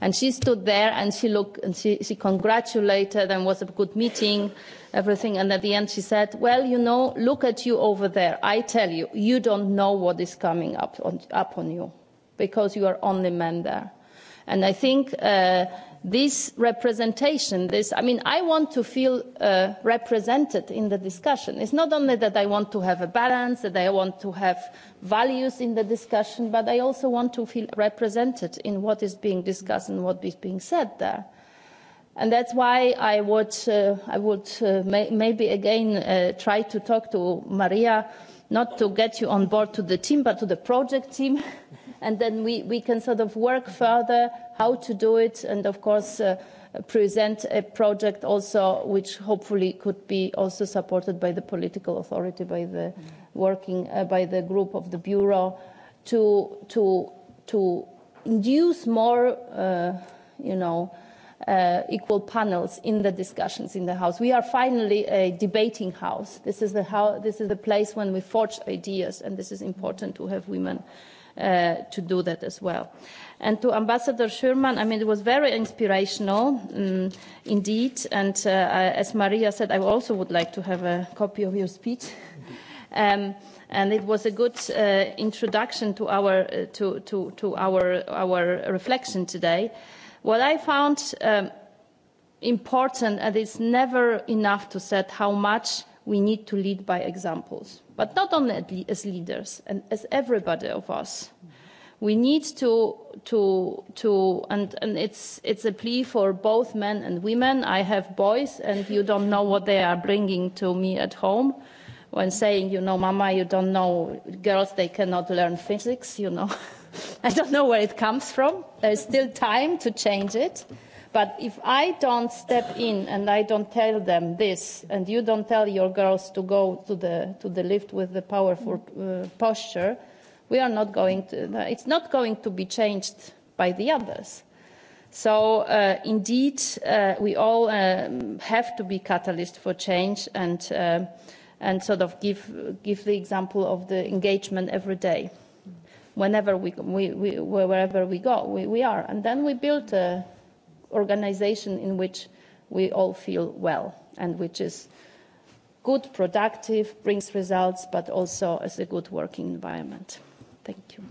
And she stood there and she looked and she, she congratulated and was a good meeting, everything. And at the end she said, well, you know, look at you over there. I tell you, you don't know what is coming up up on you because you are only men there. And I think this representation this i mean i want to feel represented in the discussion it's not only that i want to have a balance that i want to have values in the discussion but i also want to feel represented in what is being discussed and what is being said there and that's why i would i would maybe again try to talk to maria not to get you on board to the team but to the project team and then we we can sort of work further how to do it and of course present a project also which hopefully could be also supported by the political authority by the working by the group of the bureau to to to induce more you know equal panels in the discussions in the house we are finally a debating house this is the this is the place when we forge ideas and this is important to have women to do that as well. And to Ambassador Sherman, I mean, it was very inspirational indeed. And as Maria said, I also would like to have a copy of your speech. And it was a good introduction to our to to to our our reflection today. What I found important, and it's never enough to say how much we need to lead by examples. But not only as leaders, and as everybody of us. We need to, to, to, and, and it's, it's a plea for both men and women. I have boys, and you don't know what they are bringing to me at home. When saying, you know, Mama, you don't know, girls, they cannot learn physics, you know. I don't know where it comes from. There is still time to change it. But if I don't step in and I don't tell them this, and you don't tell your girls to go to the to the lift with the powerful posture, we are not going to. It's not going to be changed by the others. So indeed, we all have to be catalyst for change and and sort of give give the example of the engagement every day, whenever we we wherever we go, we we are, and then we build a organization in which we all feel well and which is good, productive, brings results, but also as a good working environment. Thank you.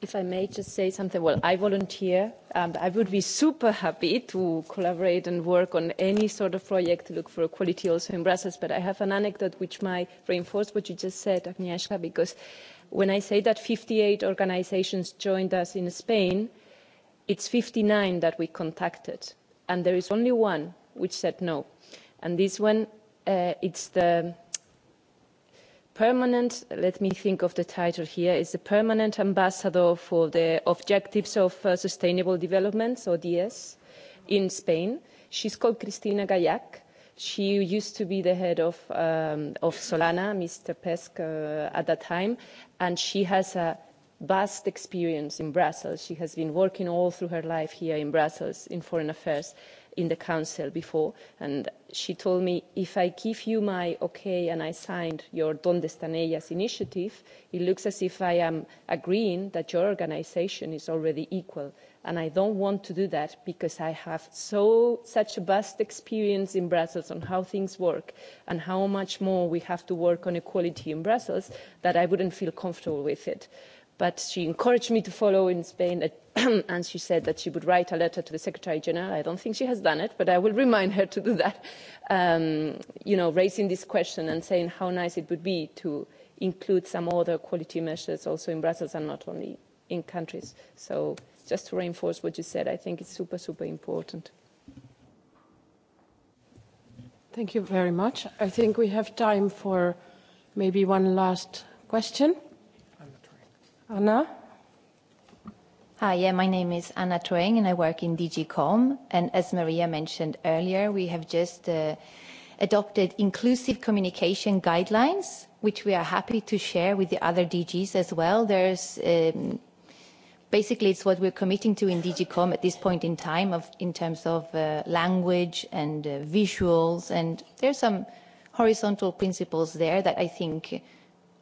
If I may just say something, well, I volunteer and I would be super happy to collaborate and work on any sort of project to look for equality also in Brussels. But I have an anecdote which might reinforce what you just said, Agnieszka, because when I say that 58 organizations joined us in Spain, it's 59 that we contacted, and there is only one which said no. And this one, it's the permanent, let me think of the title here, is the permanent ambassador for the objectives of sustainable development, ODS, in Spain. She's called Cristina Gallac. She used to be the head of Solana, Mr. Pesk, at that time, and she has a vast experience in Brussels. She has been working all through her life here in Brussels in foreign affairs in the council before and she told me if i give you my okay and i signed your donde están initiative it looks as if i am agreeing that your organisation is already equal and i don't want to do that because i have so such a vast experience in brussels on how things work and how much more we have to work on equality in brussels that i wouldn't feel comfortable with it but she encouraged me to follow in Spain and she said that she would write a letter to the Secretary General. I don't think she has done it, but I will remind her to do that, you know, raising this question and saying how nice it would be to include some other quality measures also in Brussels and not only in countries. So just to reinforce what you said, I think it's super, super important. Thank you very much. I think we have time for maybe one last question. Anna? Hi, yeah, my name is Anna Troeng and I work in DG Com. And as Maria mentioned earlier, we have just adopted inclusive communication guidelines, which we are happy to share with the other DGs as well. There's basically it's what we're committing to in Digicom at this point in time of in terms of language and visuals and there's some horizontal principles there that I think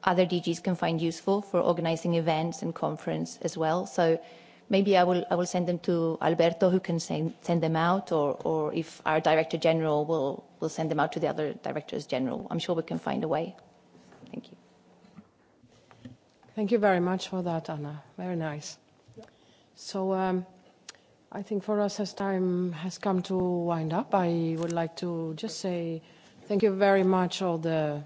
other DGs can find useful for organizing events and conference as well. So maybe I will, I will send them to Alberto, who can send, send them out, or, or if our Director General will, will send them out to the other Directors General. I'm sure we can find a way. Thank you. Thank you very much for that, Anna. Very nice. So um, I think for us, as time has come to wind up, I would like to just say thank you very much all the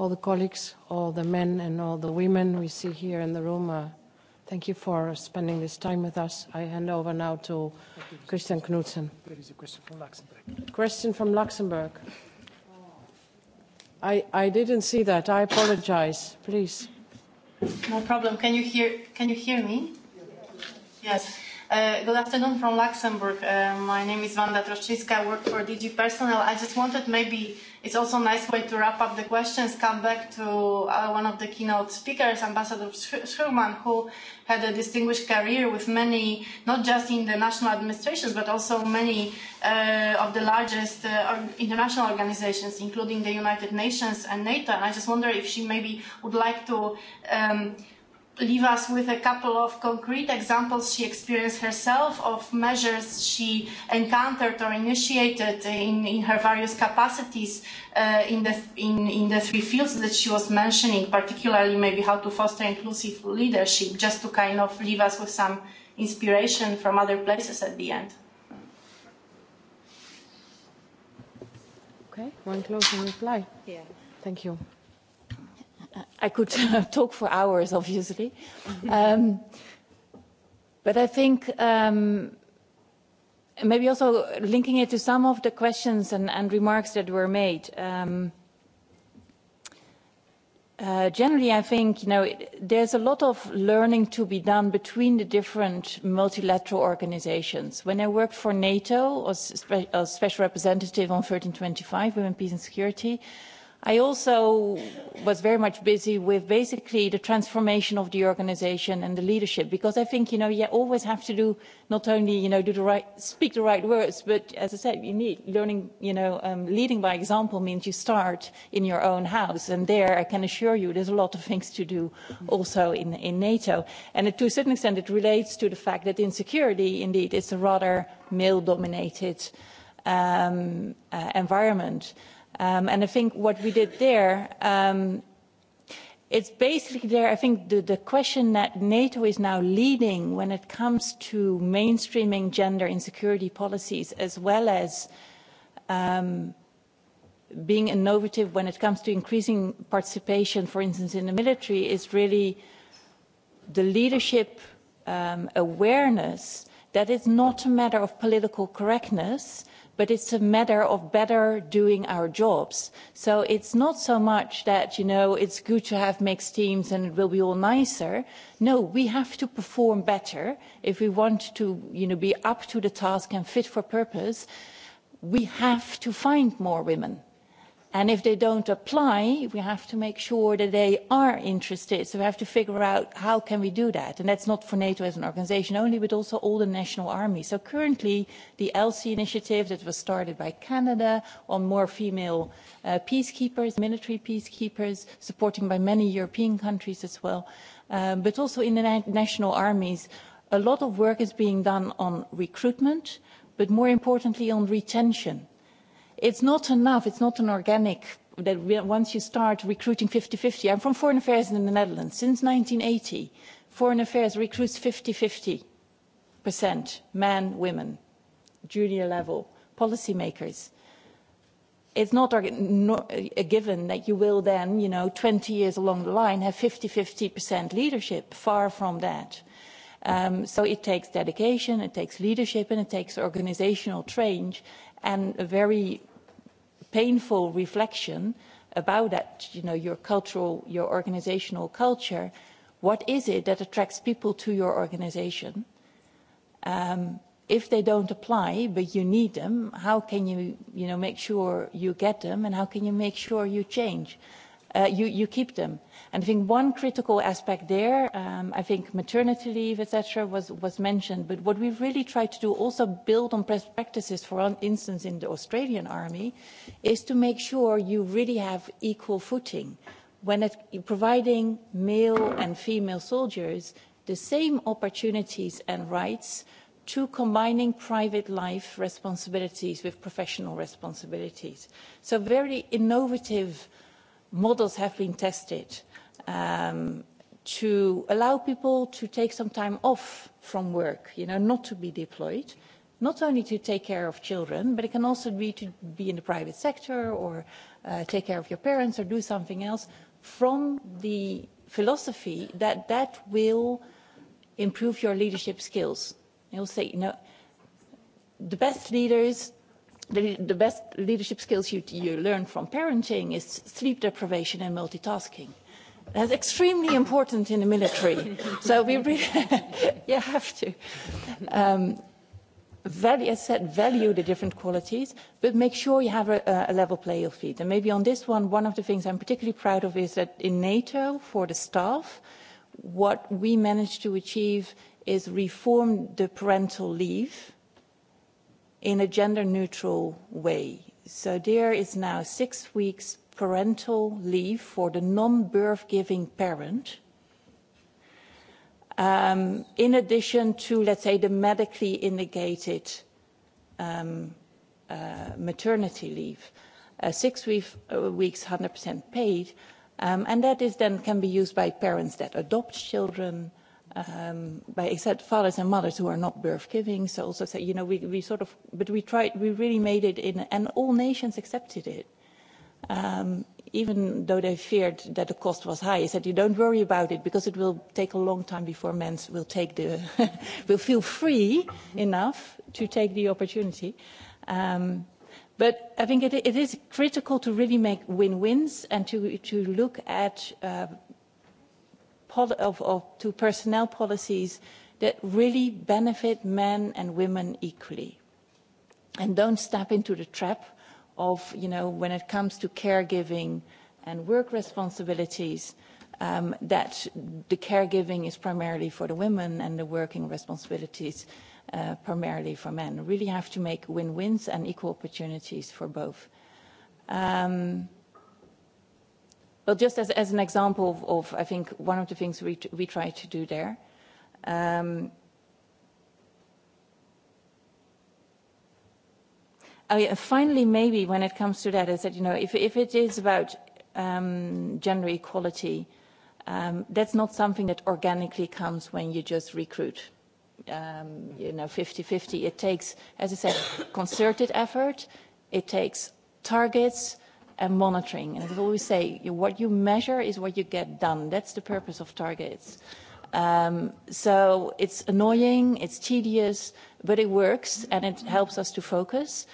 all the colleagues, all the men and all the women we see here in the room. Thank you for spending this time with us. I hand over now to Christian Knudsen. question from Luxembourg. I I didn't see that. I apologize. Please. No problem. Can you hear Can you hear me? Yes. Uh Good afternoon from Luxembourg. My name is Wanda Troszczyńska. I work for DG Personnel. I just wanted maybe It's also a nice way to wrap up the questions, come back to one of the keynote speakers, Ambassador Schurman, who had a distinguished career with many, not just in the national administrations, but also many of the largest international organizations, including the United Nations and NATO. And I just wonder if she maybe would like to leave us with a couple of concrete examples she experienced herself of measures she encountered or initiated in her various capacities in the in the three fields that she was mentioning particularly maybe how to foster inclusive leadership just to kind of leave us with some inspiration from other places at the end okay one closing reply yeah thank you I could talk for hours, obviously. But I think maybe also linking it to some of the questions and remarks that were made. Generally, I think, you know, there's a lot of learning to be done between the different multilateral organizations. When I worked for NATO as Special Representative on 1325, Women, Peace and Security, I also was very much busy with basically the transformation of the organization and the leadership because I think, you know, you always have to do not only, you know, do the right, speak the right words, but as I said, you need learning, you know, leading by example means you start in your own house. And there, I can assure you, there's a lot of things to do also in, in NATO. And to a certain extent, it relates to the fact that in security, indeed, it's a rather male-dominated um, environment. And I think what we did there, it's basically there. I think the question that NATO is now leading when it comes to mainstreaming gender insecurity policies, as well as being innovative when it comes to increasing participation, for instance, in the military, is really the leadership awareness that it's not a matter of political correctness but it's a matter of better doing our jobs. So it's not so much that, you know, it's good to have mixed teams and it will be all nicer. No, we have to perform better if we want to, you know, be up to the task and fit for purpose. We have to find more women And if they don't apply, we have to make sure that they are interested. So we have to figure out how can we do that. And that's not for NATO as an organisation only, but also all the national armies. So currently, the ELSI initiative that was started by Canada on more female peacekeepers, military peacekeepers, supporting by many European countries as well, but also in the national armies, a lot of work is being done on recruitment, but more importantly on retention it's not enough, it's not an organic that once you start recruiting 50-50. I'm from Foreign Affairs in the Netherlands. Since 1980, Foreign Affairs recruits 50-50 percent men, women, junior level, policymakers. It's not a given that you will then, you know, 20 years along the line have 50-50% leadership. Far from that. So it takes dedication, it takes leadership, and it takes organizational change and a very painful reflection about that, you know, your cultural, your organizational culture. What is it that attracts people to your organization? If they don't apply, but you need them, how can you, you know, make sure you get them and how can you make sure you change? you you keep them. And I think one critical aspect there, I think maternity leave, etc., was was mentioned. But what we've really tried to do, also build on best practices, for instance, in the Australian Army, is to make sure you really have equal footing when providing male and female soldiers the same opportunities and rights to combining private life responsibilities with professional responsibilities. So very innovative models have been tested to allow people to take some time off from work, you know, not to be deployed, not only to take care of children, but it can also be to be in the private sector or take care of your parents or do something else from the philosophy that that will improve your leadership skills. You'll say, you know, the best leaders the best leadership skills you learn from parenting is sleep deprivation and multitasking. That's extremely important in the military. So we you have to. Um, value, as said, value the different qualities, but make sure you have a, a level playing field. And maybe on this one, one of the things I'm particularly proud of is that in NATO, for the staff, what we managed to achieve is reform the parental leave in a gender-neutral way. So there is now six weeks parental leave for the non-birth-giving parent, in addition to, let's say, the medically indicated maternity leave. Six weeks, 100% paid, and that is then can be used by parents that adopt children by except fathers and mothers who are not birth giving. So also say, you know, we, we sort of, but we tried, we really made it in, and all nations accepted it. Um, even though they feared that the cost was high, he said, you don't worry about it because it will take a long time before men will take the, will feel free enough to take the opportunity. Um, But I think it, it is critical to really make win-wins and to, to look at to personnel policies that really benefit men and women equally. And don't step into the trap of, you know, when it comes to caregiving and work responsibilities, that the caregiving is primarily for the women and the working responsibilities primarily for men. Really have to make win-wins and equal opportunities for both. Um Well, just as, as an example of, I think, one of the things we, we try to do there. Um, oh yeah, finally, maybe when it comes to that, is that, you know, if, if it is about um, gender equality, um, that's not something that organically comes when you just recruit. Um, you know, 50-50. It takes, as I said, concerted effort. It takes targets and monitoring. And as I always say, what you measure is what you get done. That's the purpose of targets. So it's annoying, it's tedious, but it works and it helps us to focus.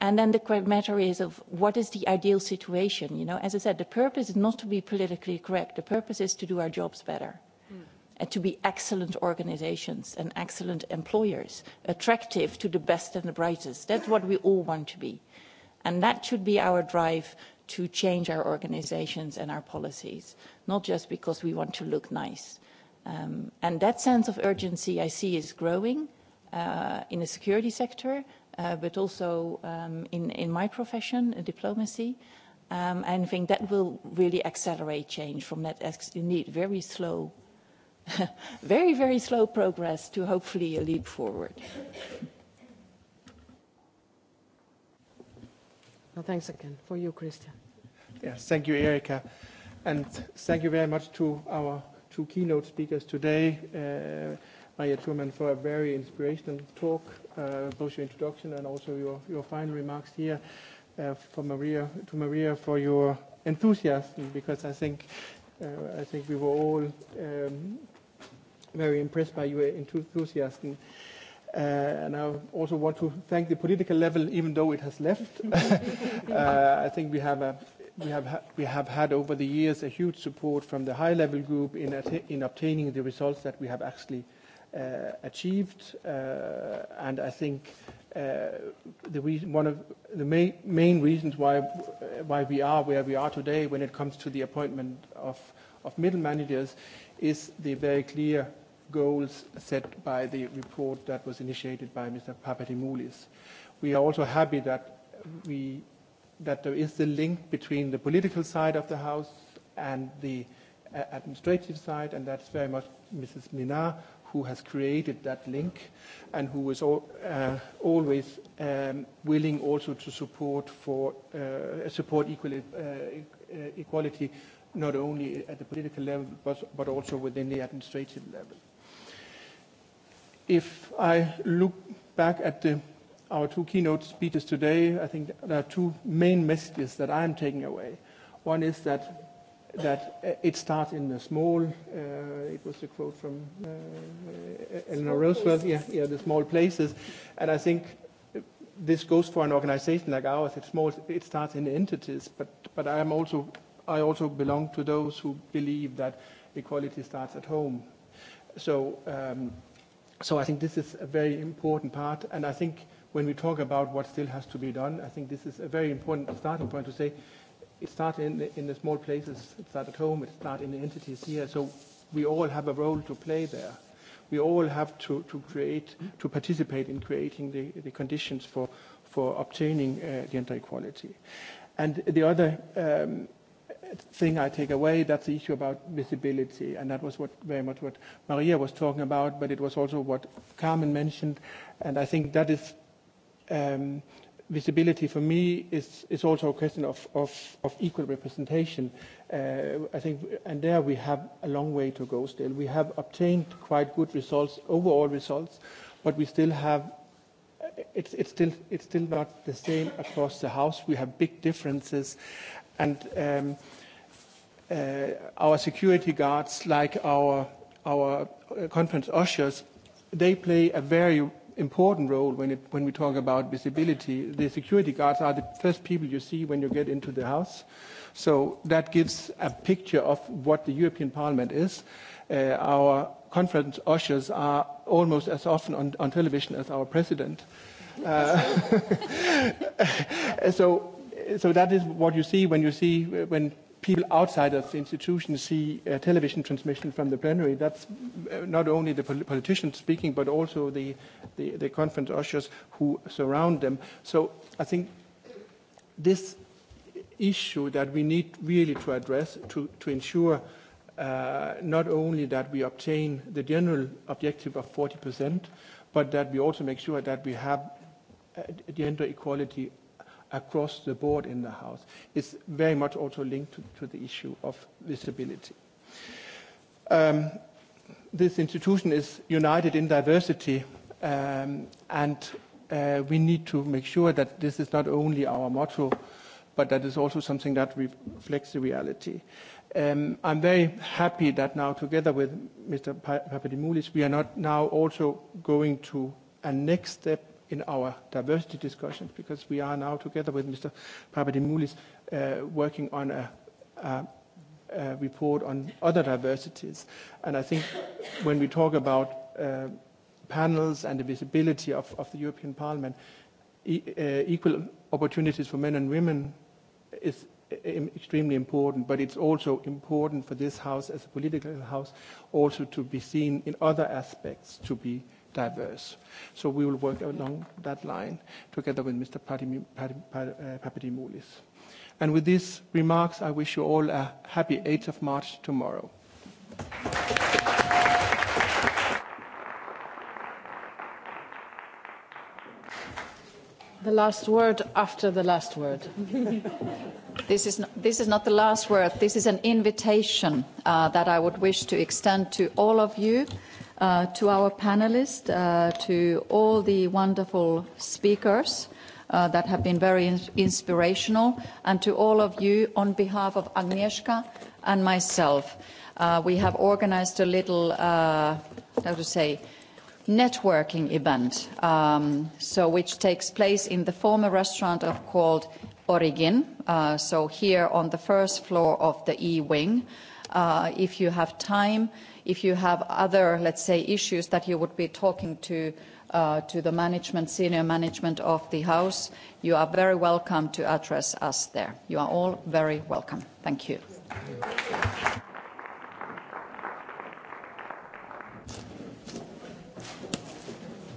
And then the matter is of what is the ideal situation. You know, as I said, the purpose is not to be politically correct. The purpose is to do our jobs better and to be excellent organizations and excellent employers, attractive to the best and the brightest. That's what we all want to be and that should be our drive to change our organizations and our policies not just because we want to look nice and that sense of urgency i see is growing in the security sector but also in in my profession diplomacy and i think that will really accelerate change from that indeed very slow very very slow progress to hopefully a leap forward thanks again for you, Christian. Yes, thank you, Erika. And thank you very much to our two keynote speakers today, uh, Maria Truman, for a very inspirational talk, uh, both your introduction and also your, your final remarks here. Uh, for Maria, to Maria for your enthusiasm, because I think uh, I think we were all um, very impressed by your enthusiasm. And I also want to thank the political level, even though it has left. I think we have a we have we have had over the years a huge support from the high level group in in obtaining the results that we have actually achieved and I think the one of the main reasons why why we are where we are today when it comes to the appointment of of middle managers is the very clear goals set by the report that was initiated by Mr. Papadimoulis. We are also happy that we that there is the link between the political side of the House and the administrative side, and that's very much Mrs. Minar who has created that link and who is always willing also to support for support equality not only at the political level but also within the administrative level. If I look back at the our two keynote speeches today, I think there are two main messages that I am taking away. One is that that it starts in the small, it was a quote from uh, Eleanor Roosevelt, yeah, yeah, the small places. And I think this goes for an organization like ours, it starts in the entities, but, but I, am also, I also belong to those who believe that equality starts at home. So um, So I think this is a very important part, and I think when we talk about what still has to be done, I think this is a very important starting point to say it starts in, in the small places, it starts at home, it starts in the entities here, so we all have a role to play there. We all have to, to create, to participate in creating the, the conditions for, for obtaining uh, gender equality. And the other um, thing I take away, that's the issue about visibility. And that was what very much what Maria was talking about, but it was also what Carmen mentioned. And I think that is um, visibility for me is, is also a question of, of, of equal representation. I think, and there we have a long way to go still. We have obtained quite good results, overall results, but we still have it's, it's, still, it's still not the same across the house. We have big differences. And um, our security guards, like our our conference ushers, they play a very important role when it when we talk about visibility. The security guards are the first people you see when you get into the house. So that gives a picture of what the European Parliament is. Our conference ushers are almost as often on television as our president. So so that is what you see when you see when people outside of the institution see a television transmission from the plenary. That's not only the politicians speaking, but also the, the, the conference ushers who surround them. So I think this issue that we need really to address to, to ensure uh, not only that we obtain the general objective of 40%, but that we also make sure that we have gender equality across the board in the House is very much also linked to the issue of visibility. This institution is united in diversity and we need to make sure that this is not only our motto but that is also something that reflects the reality. I'm very happy that now together with Mr. Papadimoulis we are not now also going to a next step in our diversity discussions because we are now together with Mr. Papadimoulis working on a report on other diversities. And I think when we talk about panels and the visibility of the European Parliament, equal opportunities for men and women is extremely important, but it's also important for this House as a political House also to be seen in other aspects, to be diverse. So we will work along that line together with Mr. Papadimoulis. And with these remarks, I wish you all a happy 8th of March tomorrow. The last word after the last word. This is this is not the last word. This is an invitation that I would wish to extend to all of you to our panelists, to all the wonderful speakers that have been very inspirational, and to all of you on behalf of Agnieszka and myself. We have organized a little, how to say, networking event, so which takes place in the former restaurant of called Origin, so here on the first floor of the E-Wing. If you have time, if you have other, let's say, issues that you would be talking to the management, senior management of the House, you are very welcome to address us there. You are all very welcome. Thank you.